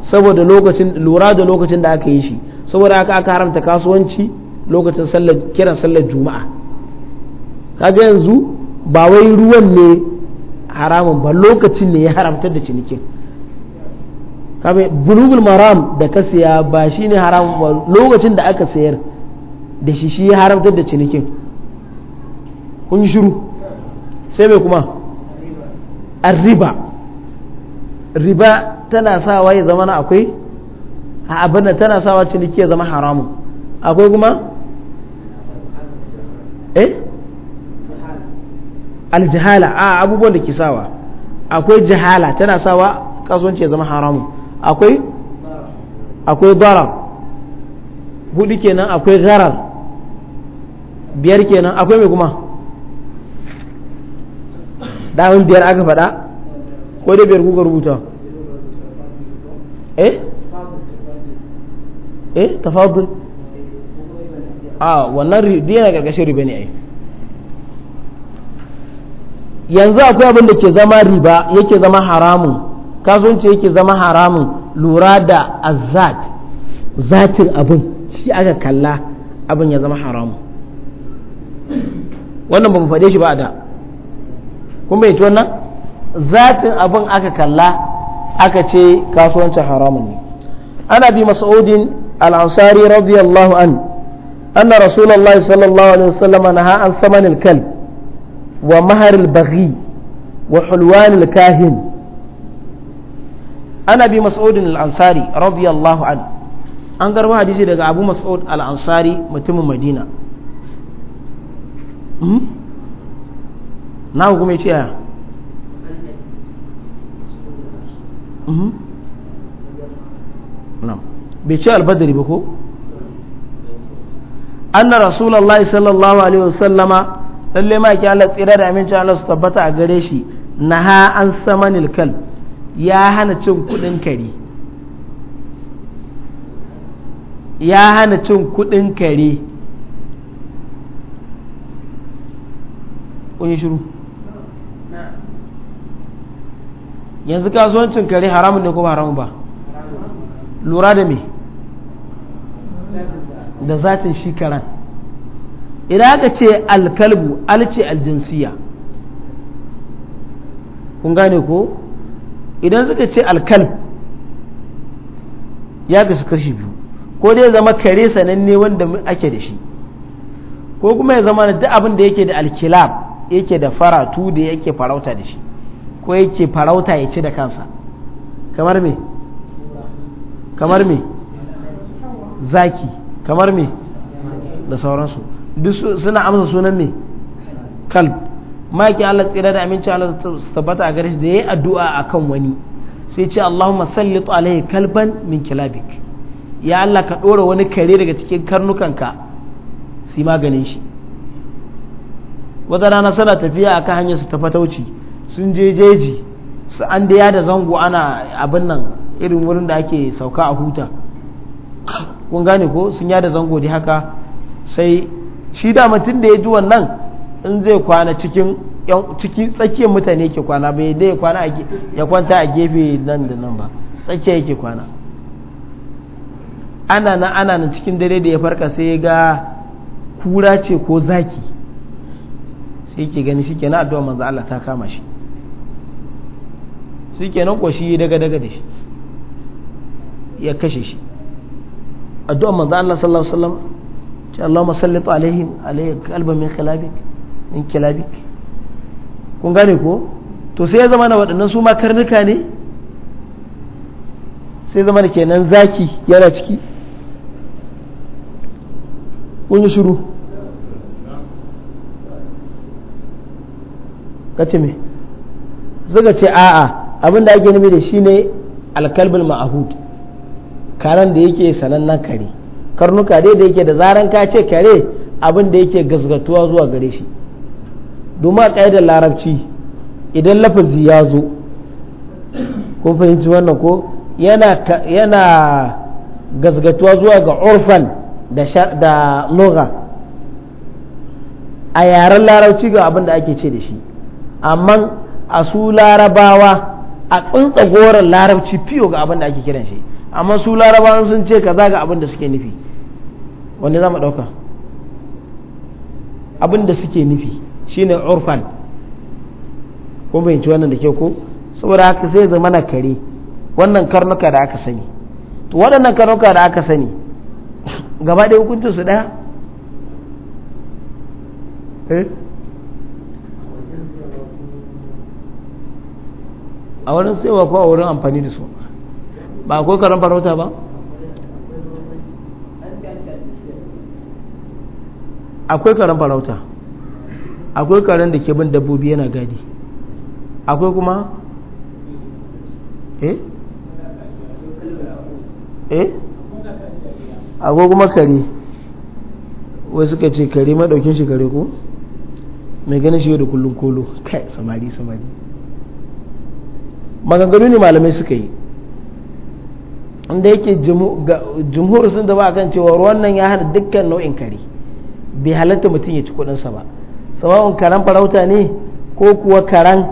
saboda lokacin lura da lokacin da aka yi shi saboda aka aka haramta kasuwanci lokacin kiran sallar juma'a kaga yanzu ba wai ruwan ne haramun ba lokacin ne ya haramtar da cinikin kame bulugul maram da ka siya ba shi ne haramun ba lokacin da aka sayar da shi shi ya haramtar da cinikin kun shiru sai mai kuma riba riba tana sawa ya zama na akwai a abin da tana sawa ciniki ya zama haramun akwai kuma eh aljihala a abubuwan da ke sawa akwai jihala tana sawa kasuwanci ya zama haramu akwai akwai dara hudu kenan akwai gharar biyar kenan akwai mai kuma dawon biyar aka faɗa ko dai biyar kuka rubuta eh eh tafadul a wannan riba yana karkashin riba ne yanzu akwai abin da ke zama riba yake zama haramun kasuwanci yake zama haramun lura da azad zatin abin shi aka kalla abin ya zama haramun wannan ba mu faɗe shi ba a da kun bai wannan zatin abin aka kalla aka ce kasuwancin haramun ne ana bi masaudin al'ansari radiyallahu an anna rasulallah sallallahu alaihi wasallam na an samanin kalb wa maharil baghi wa hulwanil kahin ana bi mas'udin al-ansari radiyallahu an an garba daga abu mas'ud al-ansari mutumin madina hmm? na hukume hmm? bai ce albadari ba ko anna rasulallah sallallahu alaihi lalle ma ki Allah tsira da amincin Allah su tabbata a gare shi na ha an samanil kalb ya hana cin kudin kare ya hana cin kudin kare kun shiru yanzu kasuwancin kare haramun ne ko haramun ba lura da me da zatin shi karan idan aka ce alkalbu al ce aljinsiya kun gane ko idan suka ce alkalb ya kasu kashi biyu ko dai zama kare sananne wanda ake da shi ko kuma ya zama da abin da yake da alkilab yake da faratu da yake farauta da shi ko yake farauta ya ci da kansa kamar me kamar me zaki kamar me da sauransu duk suna amsa sunan ne. kalb maki Allah tsira da aminci Allah su tabbata a gare shi ya yi addu'a a kan wani sai ce Allahumma sallit alaihi kalban min kilabik ya Allah ka ɗora wani kare daga cikin karnukanka su yi maganin shi wata rana suna tafiya akan hanyar su ta tauci sun je jeji su an da da zango ana abin nan irin wurin da ake sauka a huta kun gane ko sun yada zango da haka sai shi da mutum da ya ji wannan in zai kwana cikin ciki tsakiyar mutane ke kwana bai yadda ya kwana ya kwanta a gefe nan da nan ba tsakiya yake kwana ana na ana na cikin dare da ya farka sai ya ga kura ce ko zaki sai ke gani shi kenan addu'a manzo Allah ta kama shi ke kenan ko shi daga daga da shi ya kashe shi addu'a manzo Allah sallallahu alaihi wasallam ce Allahumma sallit alaihim alaihi kalba min khilabik min kilabik kun gane ko to sai ya zama na waɗannan su ma karnuka ne sai zama kenan zaki yana ciki kun yi shiru kace me suka ce a'a abin da ake nufi da shi ne alkalbin ma'ahud karan da yake sanannen kare karnuka dai da yake da zaran ka ce kare abin da yake gazgatuwa zuwa gare shi domin a da larabci idan lafazi ya zo kun fahimci wannan ko yana gazgatuwa zuwa ga orfan da loga a yaren larabci ga abin da ake ce da shi amma a su larabawa a tsuntsa goron larabci fiyo ga abin da ake kiran shi amma su larabawan sun ce kaza ga abin da suke nufi wanda za mu ɗauka abin da suke nufi shine urfan kun fahimci wannan da ke ko saboda haka sai zama na kare wannan karnuka da aka sani to waɗannan karnuka da aka sani gaba ɗaya hukuncin su ɗaya eh? a wurin tsewa ko a wurin amfani da su ba akwai karan farauta ba akwai karen farauta akwai karen da ke bin dabbobi yana gadi akwai kuma eh eh akwai kuma kare wai suka ce kare madaukin shi kare ko mai ganin shi da kullum kolo kai samari samari maganganu ne malamai suka yi inda yake jumhur sun da ba kan cewa ruwan nan ya hana dukkan nau'in kare bai halatta mutum ya ci kuɗinsa ba sawa'un karan farauta ne ko kuwa karan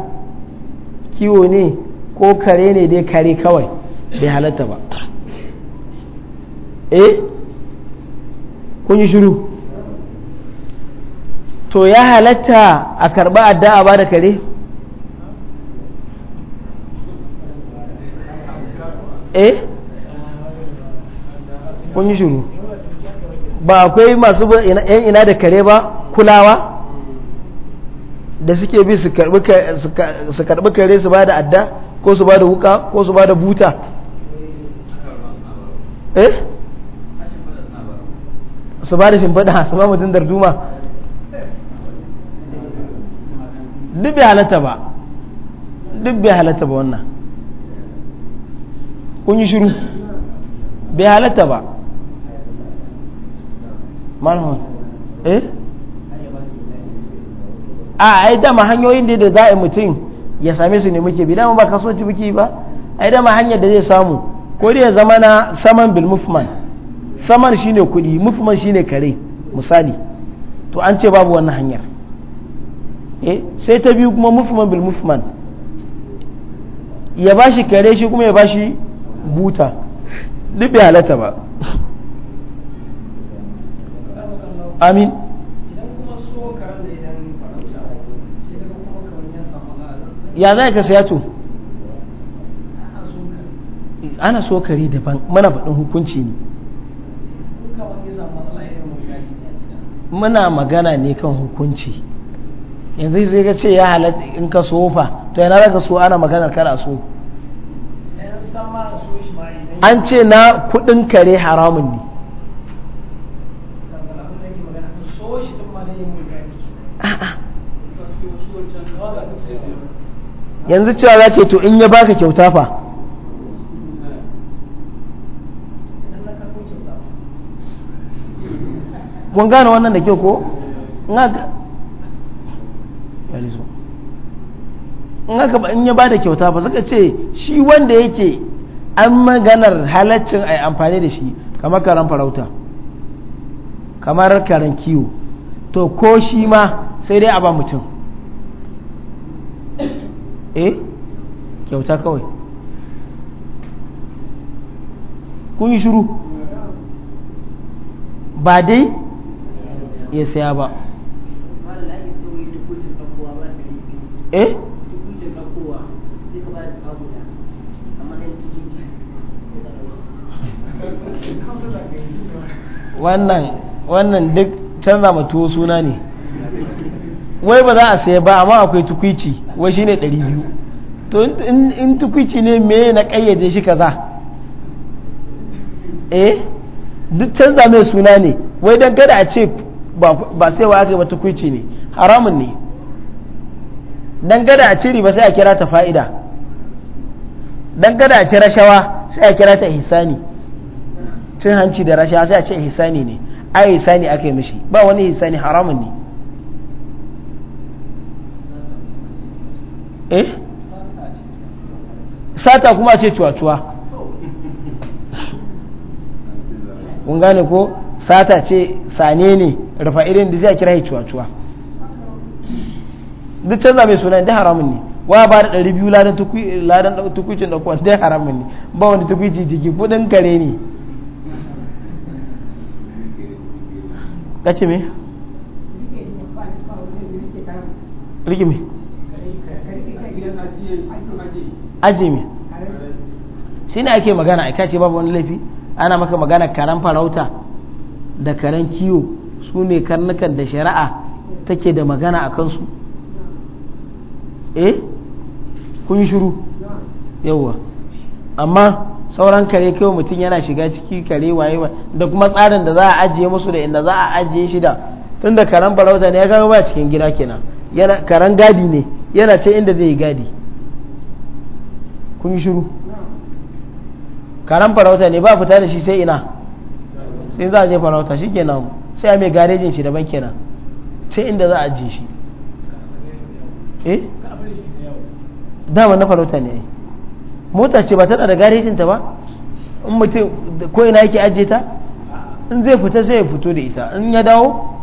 kiwo ne ko kare ne dai kare kawai bai halatta ba eh kun yi shiru to ya halatta a karba addu'a ba da kare eh kun yi shiru ba akwai masu yan ina da kare ba kulawa da suke bi su karbi kare su ba da adda ko su ba da wuka ko su ba da buta eh su ba da shimfiɗa su ba mutum darduma duk bai halatta ba duk bai halatta ba wannan kun yi shiru bai halatta ba manhaj eh a ai dama hanyoyin da za a mutum ya same su ne muke bi dama ba ci biki ba ai dama hanyar da zai samu ko da ya zama na saman bil mufman saman shine kuɗi mufman shine kare misali to an ce babu wannan hanyar eh sai ta biyu kuma mufman bil mufman ya bashi kare shi kuma ya bashi buta duk bai halatta ba amin ya za ka saya to ana so kare daban mana faɗin hukunci ne muna magana ne kan hukunci yanzu zai ka ce ya halatta in ka sofa to yana raka so ana maganar kana so an ce na kudin kare haramun ne yanzu cewa za ce to in ya baka kyauta fa kun gane wannan da kyau ko? in haka in ya bada kyauta ba suka ce shi wanda yake an maganar halaccin a amfani da shi kamar karen farauta kamar karen kiwo to ko shi ma sai dai a ba mutum eh kyauta kawai kun yi shuru ba dai ya saya ba eh wannan wannan duk canza mutu suna ne wai ba za a saya ba amma akwai tukwici wai shine biyu to in tukwici ne me na kayyade shi kaza eh duk canza mai suna ne wai don kada a ce ba sai wa aka yi ba tukwici ne haramun ne don kada a ciri ba sai a kira ta fa'ida don kada a kira rashawa sai a kira ta hisani cin hanci da rashawa sai a ce hisani ne a hisani aka yi mishi ba wani hisani haramun ne eh sata kuma ce cuwa-cuwa kun gane ko sata ce sane ne rufa irin da zai kira ya cuwa-cuwa duk canza mai suna da haramun ne wa ba da ɗari biyu ladan tukwicin ɗauko da haramun ne ba wani tukwici jiki kudin kare ne kace me? me. ajimi shi ne ake magana a kace babu wani laifi ana maka magana karen farauta da karen kiwo su ne karnukan da shari'a take da magana a kansu eh kun shiru yawwa amma sauran kare kai mutum yana shiga ciki kare waye da kuma tsarin da za a ajiye musu da inda za a ajiye shi da tunda karen farauta ne ya kama ba cikin gida kenan yana karen gadi ne yana ce inda zai gadi kun yi shiru karan farauta ne ba fita da shi sai ina sai za a je farauta shi kenan sai a mai garejin shi daban kenan sai inda za a je shi eh dama na farauta ne mota ce ba tana da garejinta ba in mutum ko ina yake ajiye ta in zai fita sai ya fito da ita in ya dawo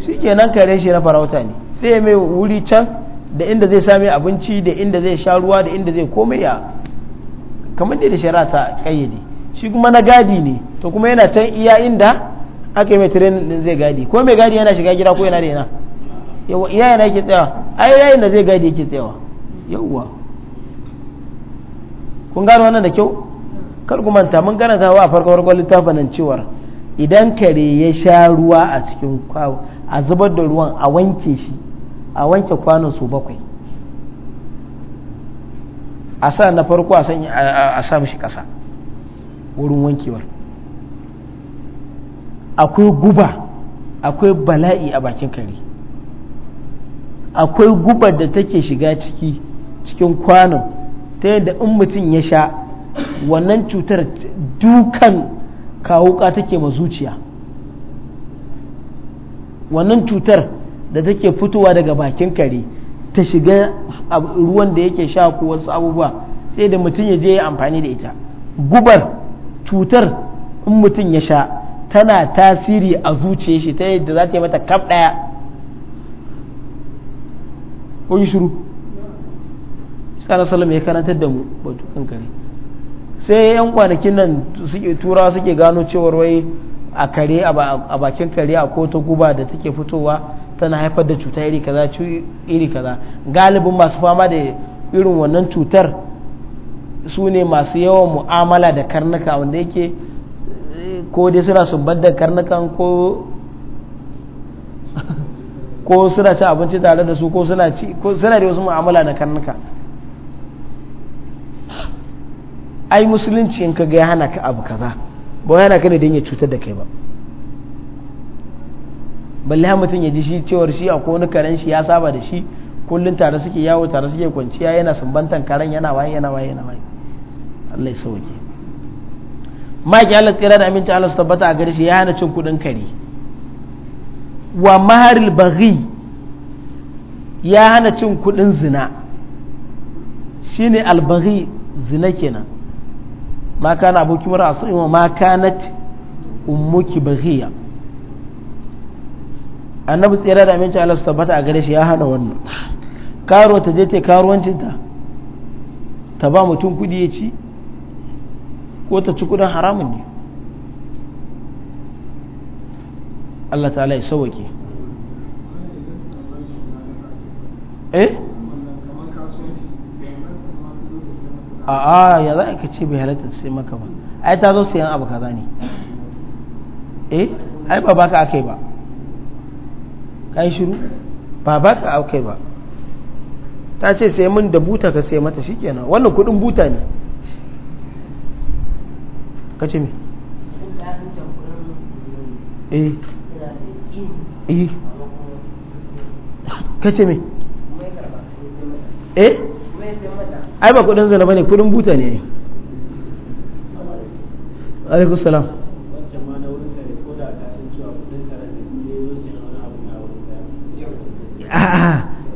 shi kenan kare shi na farauta ne sai ya mai wuri can da inda zai sami abinci da inda zai sha ruwa da inda zai komai ya kamar da shari'a ta kayyade shi kuma na gadi ne to kuma yana can iya inda aka yi mai training din zai gadi ko mai gadi yana shiga gida ko yana da yana yawa iya yana yake tsayawa ai yayin da zai gadi yake tsayawa yawa kun gano wannan da kyau kar ku manta mun karanta wa a farko farkon littafin nan cewar idan kare ya sha ruwa a cikin kwawo a zubar da ruwan a wanke shi a wanke kwanon su bakwai a sa na farko a sa mishi ƙasa wurin wankewar akwai guba akwai bala'i a bakin kare akwai guba da take shiga ciki cikin kwanon ta yadda in mutum ya sha wannan cutar dukan kawuka take ma zuciya wannan cutar da take fitowa daga bakin kare ta shiga ruwan da yake sha ko wasu abubuwa sai da mutum ya je ya amfani da ita gubar cutar in mutum ya sha tana tasiri a zuciya shi ta yadda za ta yi mata kaf ɗaya yi shiru tsara salam ya karantar da mu kankare sai yan kwanakin nan suke turawa suke gano cewar wai a kare a bakin kare a kota guba da take fitowa tana haifar da cuta iri kaza iri kaza galibin masu fama da irin wannan cutar su ne masu yawan mu'amala da karnuka wanda yake ko dai suna subbar da karnukan ko ko suna ci abinci tare da su ko suna ci ko suna da wasu mu'amala da karnuka ai musulunci in ka ga ya hana ka abu kaza ba ya hana ka ne don ya cutar da kai ba balle ha mutum ya ji shi cewar shi a wani karen shi ya saba da shi kullum tare suke yawo tare suke kwanciya yana sumbantan karen yana waye yana waye yana waye Allah ya sauke maki Allah tsira da aminci Allah su tabbata a gare shi ya hana cin kudin kare wa maharil baghi ya hana cin kudin zina shine albaghi zina kenan ma kana abokin mara asu ma kanat ummuki baghiya annabi tsira da aminci Allah su tabbata a gare shi ya hada wannan karo ta je ta karuwancinta ta ba mutum kudi ya ci ko ta ci kudin haramun ne Allah ta'ala ya sauwake eh a'a ya za ka ce bai halatta sai maka ba ai ta zo sayan abu kaza ne eh ai ba baka akai ba ka yi shiru ba ba ka aukai ba ta ce sai mun da buta ka sai mata shikenan wannan kudin buta ne ka ce me eh. eh ka ce me eh ai ba kudin zana ne kudin buta ne alaikum salam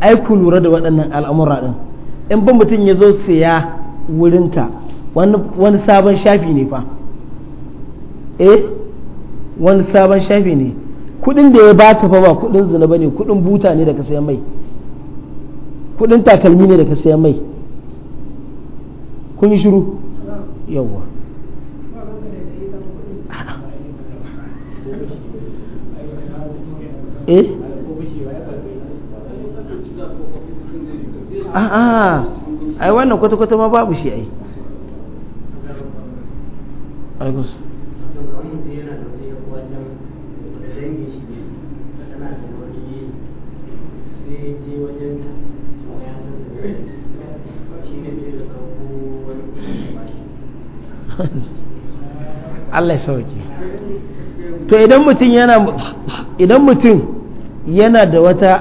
ai ku lura da waɗannan al'amura din in ban mutum ya zo siya wurinta wani sabon shafi ne fa eh wani sabon shafi ne kudin da ya ba ta fa ba kudin zina ba ne kudin buta ne da ka sayan mai kudin takalmi ne da ka sayan mai kun yi shiru yawwa eh a yi wannan kwata ma babu shi Allah ya sauke to idan mutum yana idan mutum yana da wata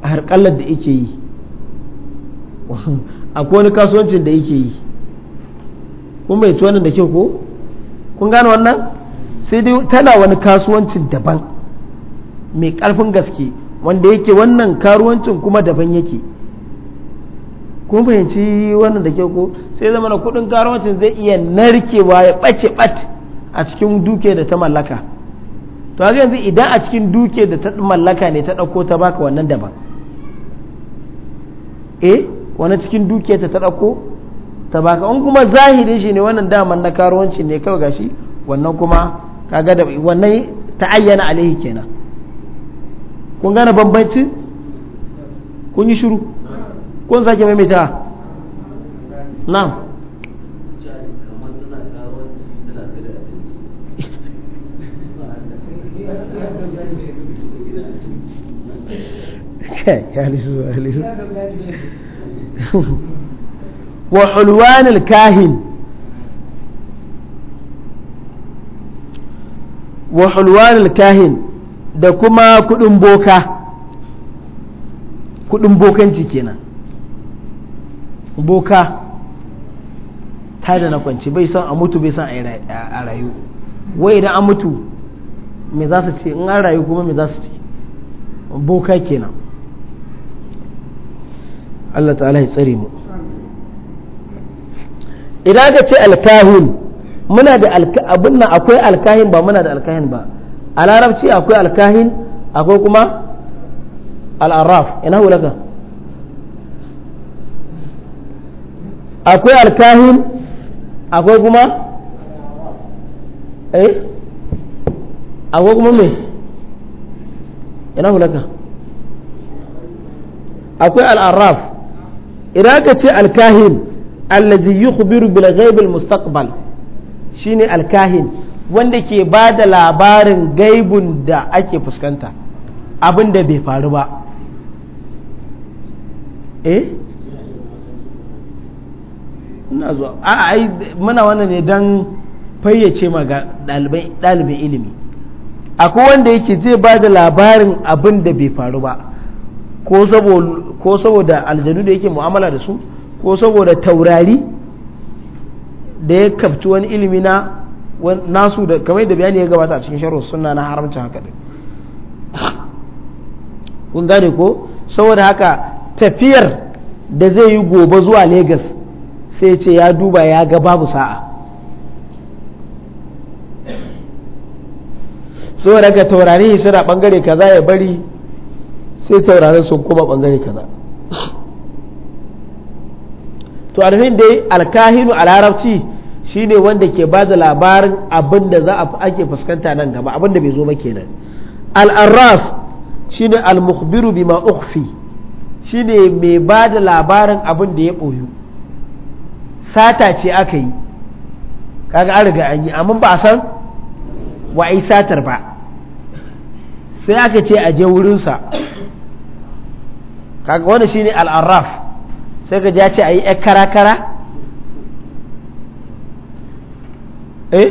harƙallar da yake yi akwai wani kasuwancin da yake yi kun bai tuwanin da ke ko kun gane wannan sai dai tana wani kasuwancin daban mai karfin gaske wanda yake wannan karuwancin kuma daban yake kun fahimci wannan da ke ko sai zama na kudin karuwancin zai iya narkewa ya ɓace ɓat a cikin duke da ta mallaka to haka yanzu idan a cikin duke da ta mallaka ne ta ɗauko ta baka wannan daban eh wani cikin dukiyarta ta ɗauko ta baka in kuma zahirin shi ne wannan daman na karuwanci ne kawai gashi wannan kuma kaga da wannan ta ayyana alaihi kenan kun gane bambanci kun yi shiru kun sake maimaita na'am Okay, yeah, this is what, this is. wa hulwanil kahin wa da kuma kudin boka kudin bokanci kenan boka ta da na kwanci bai son a mutu bai son a rayu wai idan an mutu me za su ce in an rayu kuma me za su ce boka kenan Allah ta'ala ya tsare mu idan ga ce alkahin muna da abin nan akwai alkahin ba muna da alkahin ba a larabci akwai alkahin akwai kuma al'arraf ina hulaka akwai alkahin akwai kuma eh akwai kuma me ina hulaka akwai al'arraf idan aka ce alkahin allazi yukhbiru bil ghaib al mustaqbal shine alkahin wanda ke ba da labarin gaibun da ake fuskanta abin da bai faru ba eh ina zuwa a ai muna wannan ne dan fayyace ma ga ɗalibin ilimi akwai wanda yake zai ba da labarin abin da bai faru ba ko saboda aljanu da yake mu'amala da su ko saboda taurari da ya kafci wani ilimi na nasu da kamar da bayani ya gabata a cikin sharo suna na haramta haka da kun gane ko saboda haka tafiyar da zai yi gobe zuwa Legas sai ce ya duba ya ga babu sa'a saboda haka taurari suna bangare kaza ya bari sai taurarin sun koma bangare kaza to alhin dai alkahinu a larabci shine wanda ke ba da labarin abin da za a ake fuskanta nan gaba abin da bai zo ba kenan al'arraf shine al-mukhbiru bima ukhfi shine mai ba da labarin abin da ya ɓoyu sata ce aka yi kaga an riga an yi amma ba a san wa satar ba sai aka ce a je wurinsa kaga wani shine al'arraf sai ka ya ce a yi ɗan kara kara-kara eh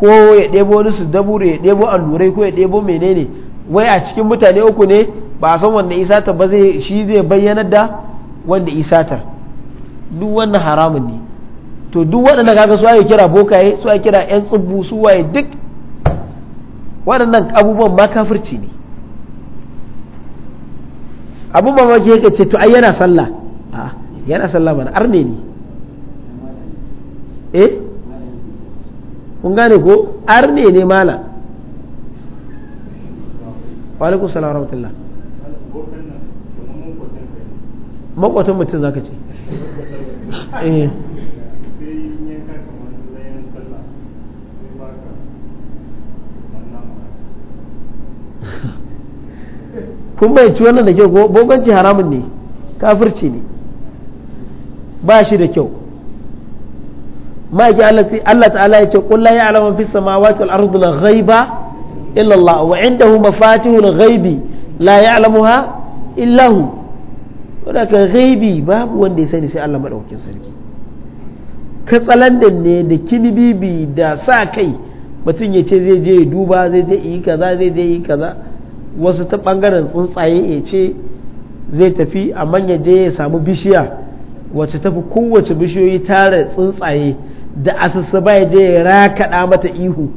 ko ya ɗebo wani su dabure ya ɗebo allurai ko ya ɗebo menene wai a cikin mutane uku ne ba a san wanda isata ba zai shi zai bayyanar da wanda isatar duk wannan haramun ne to duk waɗanda kaga su ake kira bokaye su ake kira 'yan tsibbu su waye duk waɗannan abubuwan ma kafirci ne ba mamaki yake ce to ai yana sallah yana sallah mana arne ne eh kun gane ko arne ne mala wa alaikum salam wa rahmatullah makwatan mutum zaka ce eh kun ci wannan da kyau ko boganci haramun ne kafirci ne ba shi da kyau ma'aikin Allah ta'ala ya ce kulla ya alama fi samawati wal ardi la ghaiba illa Allah wa indahu mafatihul ghaibi la ya'lamuha illa hu wadaka ghaibi babu wanda ya sani sai Allah madaukakin sarki katsalandan ne da kinibibi da sa kai mutum ya ce zai je duba zai je yi kaza zai je yi kaza wasu ta ɓangaren tsuntsaye ya ce zai tafi a manyan je ya samu bishiya wacce tafi kowace bishiyoyi tare tsuntsaye da asusu bai je ya rakaɗa mata ihu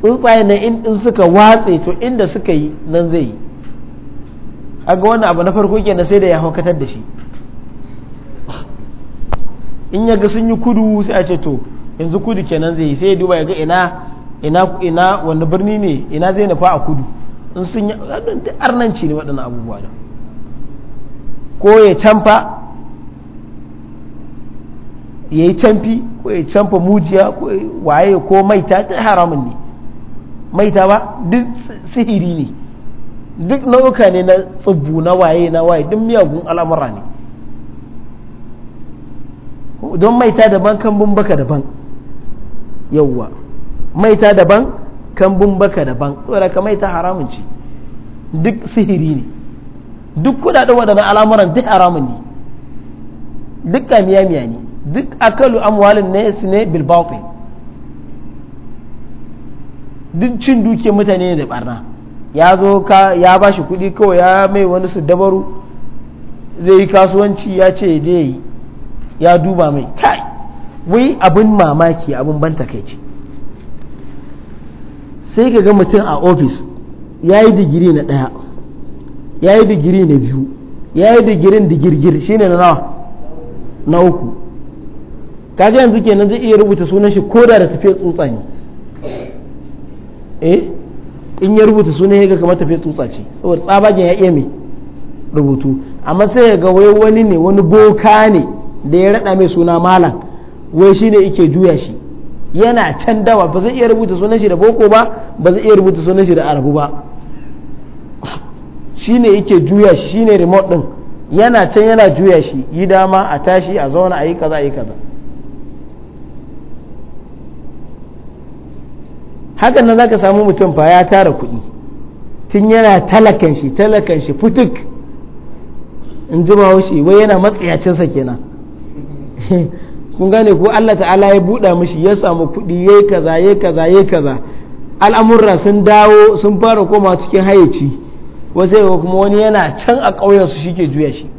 tsuntsaye na in suka watse to inda suka yi nan zai yi aga wannan abu na farko kenan sai da ya haukatar da shi in ya ga sun yi kudu sai a ce to yanzu kudu kenan zai yi sai ya duba ya ga ina ina ina wanda birni ne ina zai nufa a kudu in sun yi duk arnanci ne waɗannan abubuwa da ko ya canfa ya yi canfi ko ya canfa mujiya ko waye ko maita duk haramun ne maita ba duk sihiri ne duk nau'uka ne na tsibbu na waye na waye duk miyagun al'amura ne don maita daban kan bambaka daban yauwa maita daban kambun baka daban ka mai ta haramun ce duk sihiri ne duk kudaden waɗannan al'amuran duk haramun ne duk kamiyamiya ne duk akalu amwalin ne su ne bilbautin duk cin duke mutane da barna ya zo ya ba shi kuɗi kawai ya mai wani su dabaru zai yi kasuwanci ya ce je ya duba mai kai wai abin mamaki abin ban takaici sai ka ga mutum a ofis ya yi digiri na ɗaya ya yi digiri na biyu ya yi digirin digirgir shine na nawa na uku kaji yanzu kenan zai iya rubuta sunan shi ko da da tafiya tsutsa ne eh in ya rubuta sunan ya ga kamar tafiya tsutsa ce saboda tsabagen ya iya mai rubutu amma sai ya ga wai wani ne wani boka ne da ya raɗa mai suna malam wai shine ike juya shi yana can dawa ba zai iya rubuta sunan shi da boko ba ba zai iya rubuta sunan shi da arabu ba shine yake juya shi shine remote din yana can yana juya shi yi dama a tashi a zauna a yi kaza a yi kaza hakan nan zaka samu mutum fa ya tara kuɗi tun yana talakan shi talakan shi futuk in ji ba wai yana matsiyacinsa kenan kun gane ko Allah ta'ala ya buɗa mishi ya samu kuɗi yayi kaza yayi kaza yayi kaza al'amurra sun dawo sun fara koma cikin hayaci wasu yau kuma wani yana can a ƙauyen su shike juya shi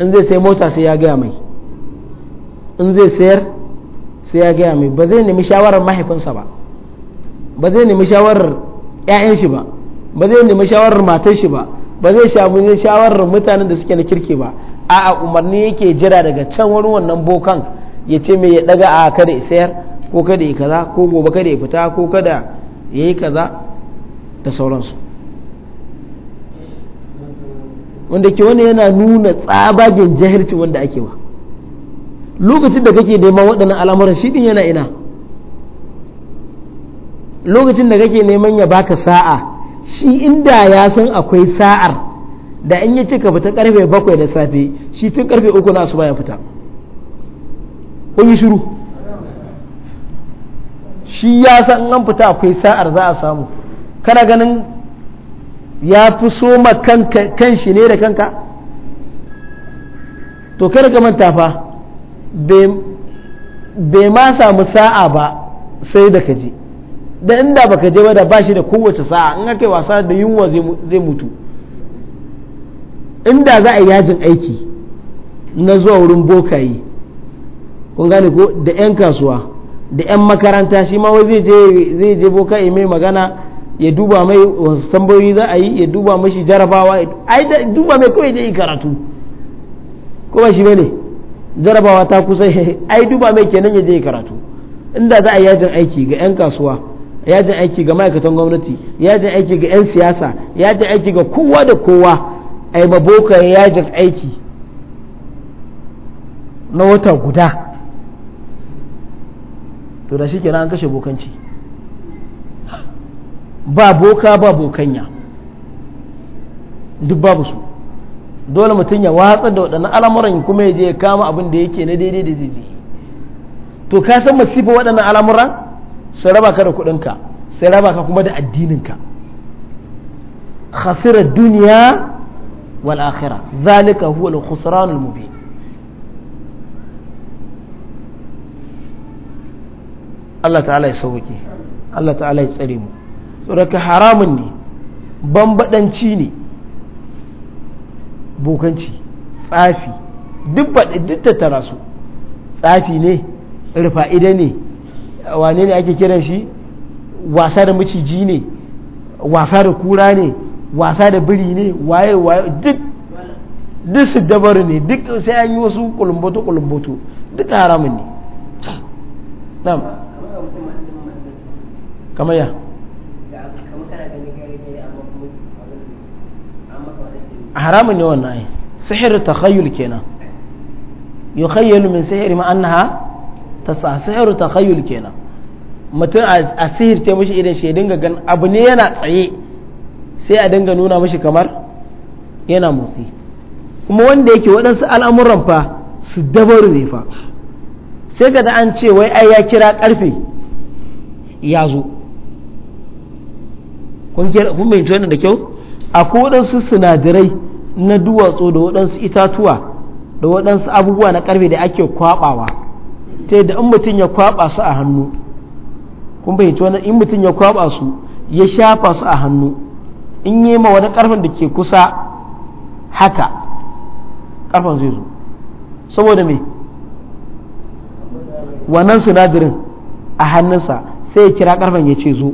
in zai sai mota sai ya gaya mai in zai sayar sai ya gaya mai ba zai nemi shawarar mahaifinsa ba ba zai nemi shawarar 'ya'yan shi ba ba zai nemi shawarar matar shi ba ba zai shawarar mutanen da suke na kirki ba a'a umarni yake jira daga can wani wannan bokan ya ce mai ya daga a kada ya sayar ko kada ya kaza ko gobe kada ya fita ko kada ya yi kaza da sauransu wanda ke wani yana nuna tsabagen jahilci wanda ake wa lokacin da kake neman waɗannan al'amuran shi din yana ina lokacin da kake neman ya baka sa'a shi inda ya san akwai sa'ar da in yi cika fita karfe bakwai da safe shi tun karfe uku na asuba ya fita kun yi shiru shi ya san an fita akwai sa'ar za a samu kana ganin ya fi so ma kan shi ne da kanka to kada ka manta fa bai ma samu sa'a ba sai da ka je da inda baka je ba da ba shi da kowace sa'a in aka yi wasa da yunwa zai mutu inda za a yajin aiki na zuwa wurin bokayi kun gane ko da 'yan kasuwa da 'yan makaranta shi ma wai zai je bokayi mai magana ya duba mai wasu tambayoyi za a yi ya duba mashi jarabawa ai duba mai kawai je yi karatu ba shi bane jarabawa ta kusa ai duba mai kenan ya je yi karatu inda za a yajin aiki ga 'yan kasuwa yajin aiki ga ma'aikatan gwamnati yajin aiki ga 'yan siyasa yajin aiki ga kowa da kowa ai ba ya yajin aiki na wata guda to da shi ke an kashe bokanci ba boka ba bokanya duk babu su dole mutum ya watsa da waɗannan al'amuran kuma ya je ya kama abin da yake na daidai da zai to ka san masifa waɗannan al'amuran su raba ka da kuɗinka sai raba ka kuma da addininka khasirar duniya wal akhirah zalika huwa al khusran Allah ta'ala ya sauke Allah ta'ala ya tsare mu saboda haramun ne bambadanci ne bokanci tsafi duk tattara su tsafi ne rufa'ida ne wane ne ake kiran shi wasa da maciji wasa da kura ne wasa da biri ne waye waye duk duk su dabaru ne duk sai an yi wasu kulumboto kulumboto duk haramun ne dam kamar ya haramun ne wannan ai sihir takhayyul kenan yukhayyalu min sihiri ma annaha sa sihir takhayyul kenan mutum a sihir ta mashi idan shaidun dinga gan abu ne yana tsaye sai a dinga nuna mashi kamar yana motsi kuma wanda yake waɗansu al'amuran fa su dabaru ne fa sai ka da an ce wai ai ya kira karfe ya zo kun fahimci wannan da kyau akwai waɗansu sinadarai na duwatsu da waɗansu itatuwa da waɗansu abubuwa na karfe da ake kwaɓawa ta yadda in mutum ya kwaɓa su a hannu kun fahimci wannan in mutum ya kwaɓa su ya shafa su a hannu in yi ma wani karfin da ke kusa haka karfin zai zo saboda me wannan sinadirin a hannunsa sai ya kira karfin ya ce zo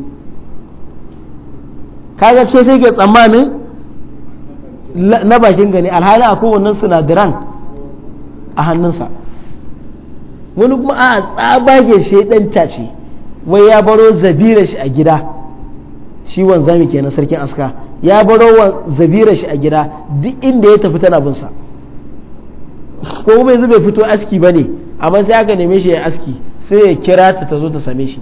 kaga ce sai ke tsammanin na bakin gani alhali akwai wannan sinadiran a hannunsa wani kuma a tsabage shi ɗanta ce wai ya baro zabira shi a gida shi wanzami kenan sarkin aska ya baro wa zabira shi a gida duk inda ya tafi tana binsa ko kuma yanzu bai fito aski ba ne amma sai aka neme shi ya aski sai ya kira ta ta zo ta same shi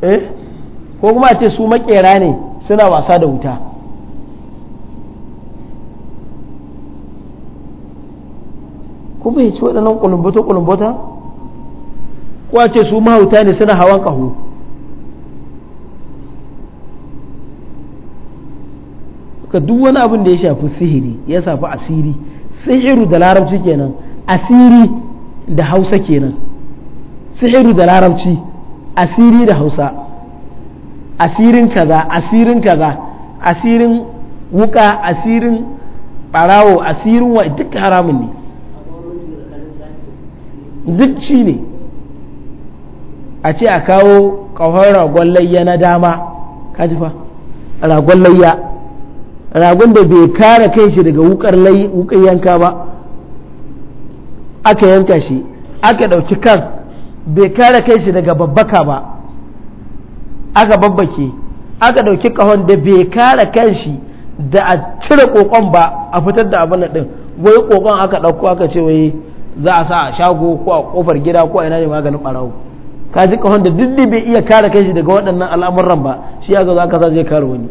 eh ko kuma a ce su makera ne suna wasa da wuta kuma ya ci waɗannan ƙulumbato-ƙulumbata kwace su mahauta ne suna hawan ƙaho ka duk wani abin da ya shafi sihiri ya shafi asiri sihiru da larabci kenan asiri da hausa kenan sihiru da larabci asiri da hausa asirin kaza asirin kaza asirin wuka asirin barawo asirin wa duk haramun ne duk shi ne a ce a kawo kawar ragon layya na dama ka ji fa ragon layya ragon da bai kare kai shi daga wukar yanka ba aka yanka shi aka ɗauki kan bai kare kai shi daga babbaka ba aka babbake aka ɗauki kahon da bai kare kan shi da a cire ƙoƙon ba a fitar da abin ɗin wai ƙoƙon aka ɗauko aka ce wai za a sa a shago ko a ƙofar gida ko a ina ne maganin ɓarawo ka ji kahon da duk bai iya kare kai shi daga waɗannan al'amuran ba shi ya ga za ka sa zai kare wani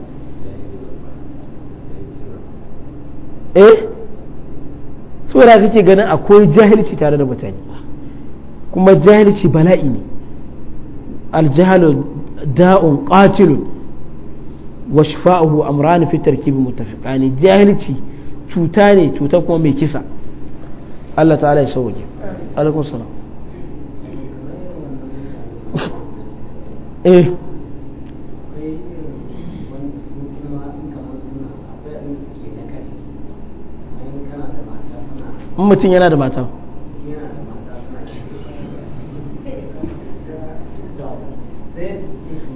eh tsora kake ganin akwai jahilci tare da mutane kuma jahilci bala'i ne aljahalu da'un qatilun wa shifa'uhu amran fi tarkibi mutafiqani jahilci cuta ne cuta kuma mai kisa Allah ta'ala ya sauke alaikum salam eh mutum yana da mata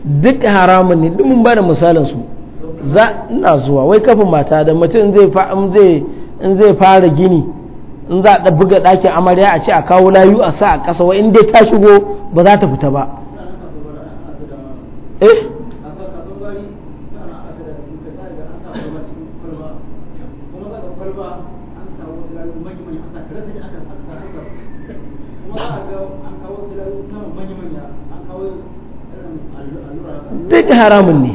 duk haramun ne duk mun ba da misalin su za ina zuwa wai kafin mata da mutum zai in zai fara gini in za a buga ɗakin amarya a ce a kawo layu a sa a ƙasa wa inda ta shigo ba za ta fita ba eh duk haramun ne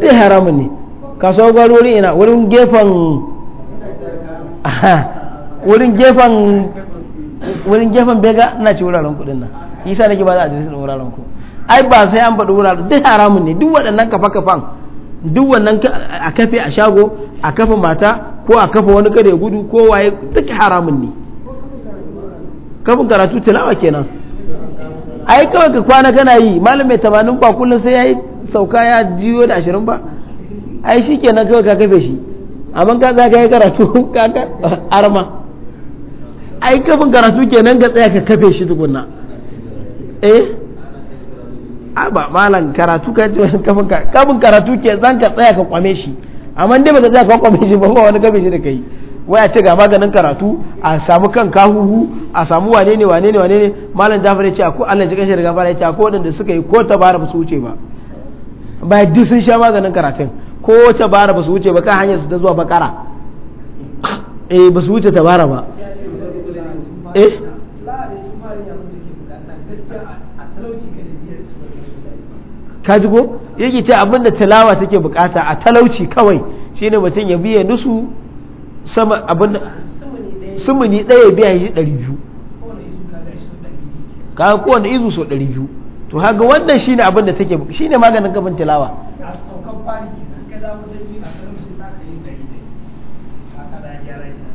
duk haramun ne kasuwar gwarori ina wurin gefen wurin gefen wurin gefen bega na ci wuraren kuɗin nan yasa nake ba da adireshin wuraren ku ai ba sai an faɗi wuraren duk haramun ne duk waɗannan kafa kafan duk wannan a kafe a shago a kafa mata ko a kafa wani kare gudu ko waye duk haramun ne kafin karatu tilawa kenan ai kawai ka kwana kana yi malam mai tamanin ba kullum sai ya yi sauka ya jiyo da ashirin ba ai shi kenan kawai ka kafe shi amma ka za ka yi karatu ka arma ai kafin karatu kenan ga tsaya ka kafe shi tukunna eh ba malam karatu ka ce kafin ka kafin karatu ke zan ka tsaya ka kwame shi amma dai baka tsaya ka kwame shi ba wani kafe shi da kai waya ce ga maganin karatu a samu kan kahuhu a samu wane ne wane ne wane ne malam jafar ya ce ko Allah ji kashi da gafara ya ce ko wadanda suka yi ko ta bara ba su wuce ba ba duk sun sha maganin karatun ko ta bara ba su wuce ba kan hanyar su ta zuwa bakara eh ba su wuce ta bara ba Eh? eh ka yake ce abin da talawa take bukata a talauci kawai shine mutum ya biya nusu sama abin da sumuni daya biya shi ɗari biyu ka kowane izu so ɗari biyu to haka wannan shine abin da take shine maganin gaban talawa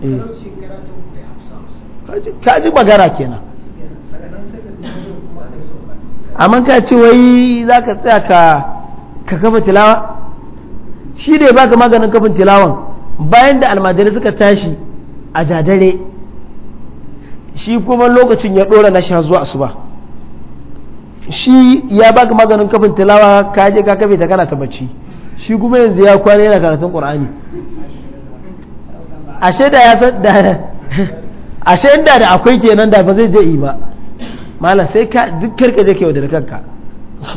eh ka magana kenan amma ka ce wai za ka tsaya ka kafa tilawa shi da ya baka maganin kafin tilawan bayan da almajirai suka tashi a jadare shi kuma lokacin ya dora na sha zuwa asuba shi ya baka maganin kafin tilawa ka je ka kafe ta kana ta bacci shi kuma yanzu ya kwane yana karatun ƙura'ani a da ya san da ashe inda da akwai kenan da ba zai je yi ba mala sai ka duk karka je kewa da kanka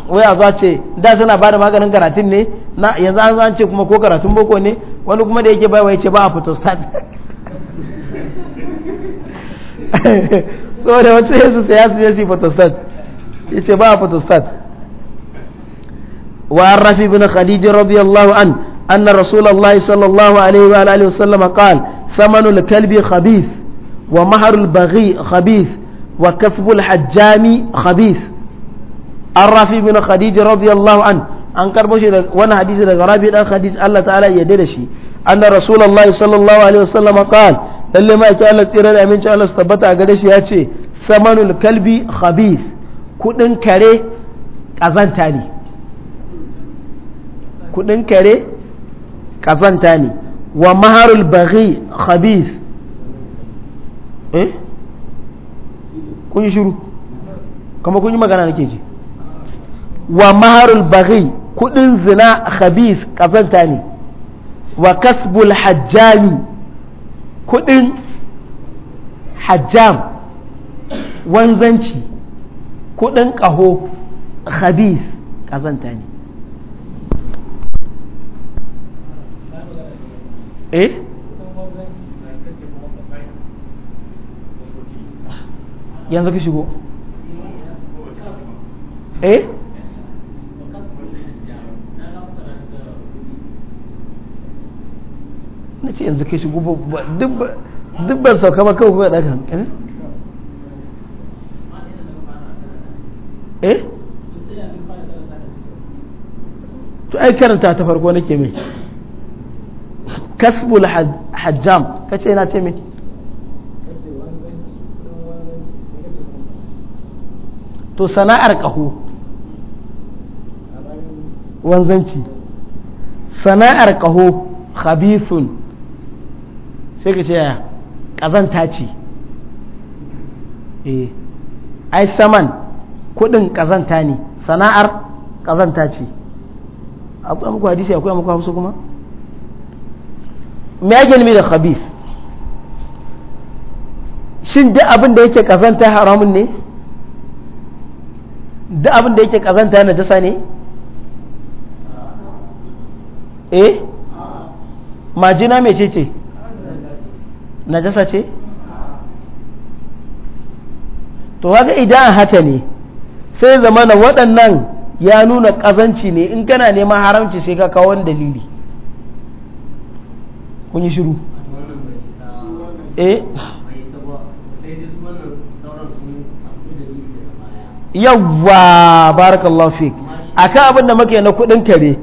waya za ce da suna ba da maganin karatun ne na yanzu an zan ce kuma ko karatun boko ne wani kuma da yake bai wai ce ba a so saboda wasu yanzu sai ya su je su photostat ya ba a photostat wa an rafi bin khadija radiyallahu an anna rasulullahi sallallahu alaihi wa alihi wasallam qala thamanul kalbi khabith ومهر البغي خبيث وكسب الحجام خبيث الرافي بن خديج رضي الله عنه an karbo shi wani hadisi daga rabi dan hadis Allah ta'ala ya da shi anna rasulullahi sallallahu alaihi wasallam qala lalle ma ki Allah tsira da aminci Allah su tabbata a ya ce samanul kalbi khabith kudin kare kazanta ne wa maharul baghi eh kun yi shiru kama kun yi magana na keji wa maharul baghi kudin zina khabis kazanta ne wa kasbul hajjami kudin hajjam wanzanci kudin kaho khabis kazanta ne eh yanzu ka shigo eh na ce yanzu ka shigo duk ban sauka ba kawai kuma da kan eh to ai karanta ta farko nake mai kasbul hajjam kace yana ce mai to sana'ar ƙaho wanzanci sana'ar ƙaho habithun sai ka ce ya ƙazanta ce eh ai saman kuɗin ƙazanta ne sana'ar ƙazanta ce akwai muku hadisi akwai muku hausa kuma me ake nemi da habith shin duk abin da yake ƙazanta haramun ne duk abin da yake kazanta yana jasa ne eh majina mai ce ce najasa ce to haka idan hata ne sai zamana waɗannan ya nuna ƙazanci ne in kana neman haramci sai ka kawo wani dalili kun yi shiru eh yawwa barakallahu fik akan abinda da muke na kudin kare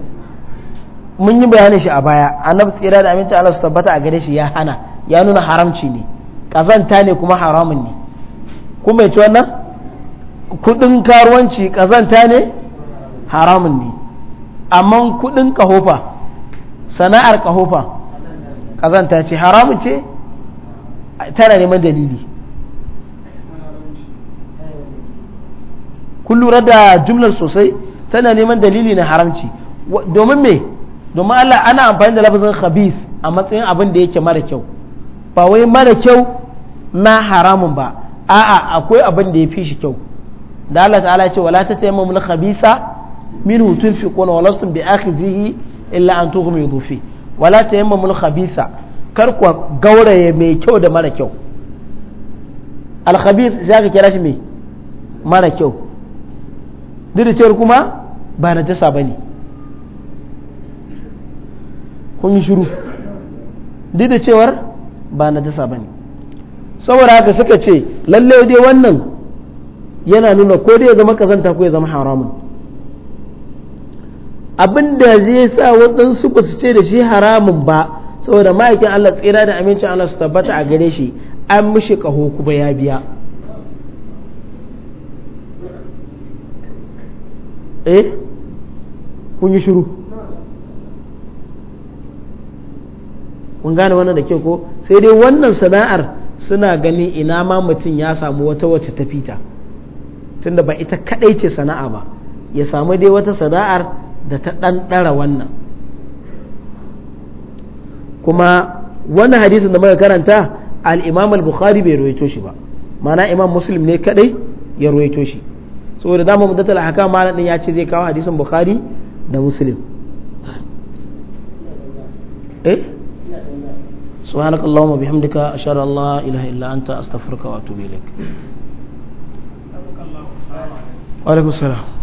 mun yi bayani shi a baya annabi tsira da aminta Allah su tabbata a gare shi ya hana ya nuna haramci ne kazanta ne kuma haramun ne kuma ci wannan kudin karuwanci kazanta ne haramun ne amma kudin kahofa sana'ar kahofa kazanta ce haramun ce tana neman dalili kun da jumlar sosai tana neman dalili na haramci domin me domin Allah ana amfani da lafazin khabis a matsayin abin da yake mara kyau ba wai mara kyau na haramun ba a'a akwai abin da ya fi shi kyau da Allah ta'ala ya ce wala tayammu min khabisa fi tunfiquna wala sun bi akhidhihi illa an tughmidu fi wala tayammu min khabisa kar ku gauraye mai kyau da mara kyau al khabis zaka kira shi me mara kyau duk kuma ba na jasa ba ne kun yi shiru duk cewar ba na dasa ba ne saboda haka suka ce lalle dai wannan yana nuna ko dai ya zama kazanta ko ya zama haramun abin da zai sa waɗansu ba su ce da shi haramun ba saboda ma'aikin Allah tsira da amincin Allah su tabbata a gare shi an mishi ƙaho kuma ya biya eh kun yi shiru kun gane wannan da ke ko sai dai wannan sana'ar suna ganin ina ma mutum ya samu wata wacce ta fita tunda ba ita kadai ce sana'a ba ya samu dai wata sana'ar da ta ɗanɗara wannan kuma wannan hadisin da muka karanta al-imam al-bukhari bai ruwaito shi ba mana imam muslim ne kadai ya ruwaito shi saboda dama muddatul ahkam malam din ya ce zai kawo hadisin bukhari da muslim eh سبحانك اللهم وبحمدك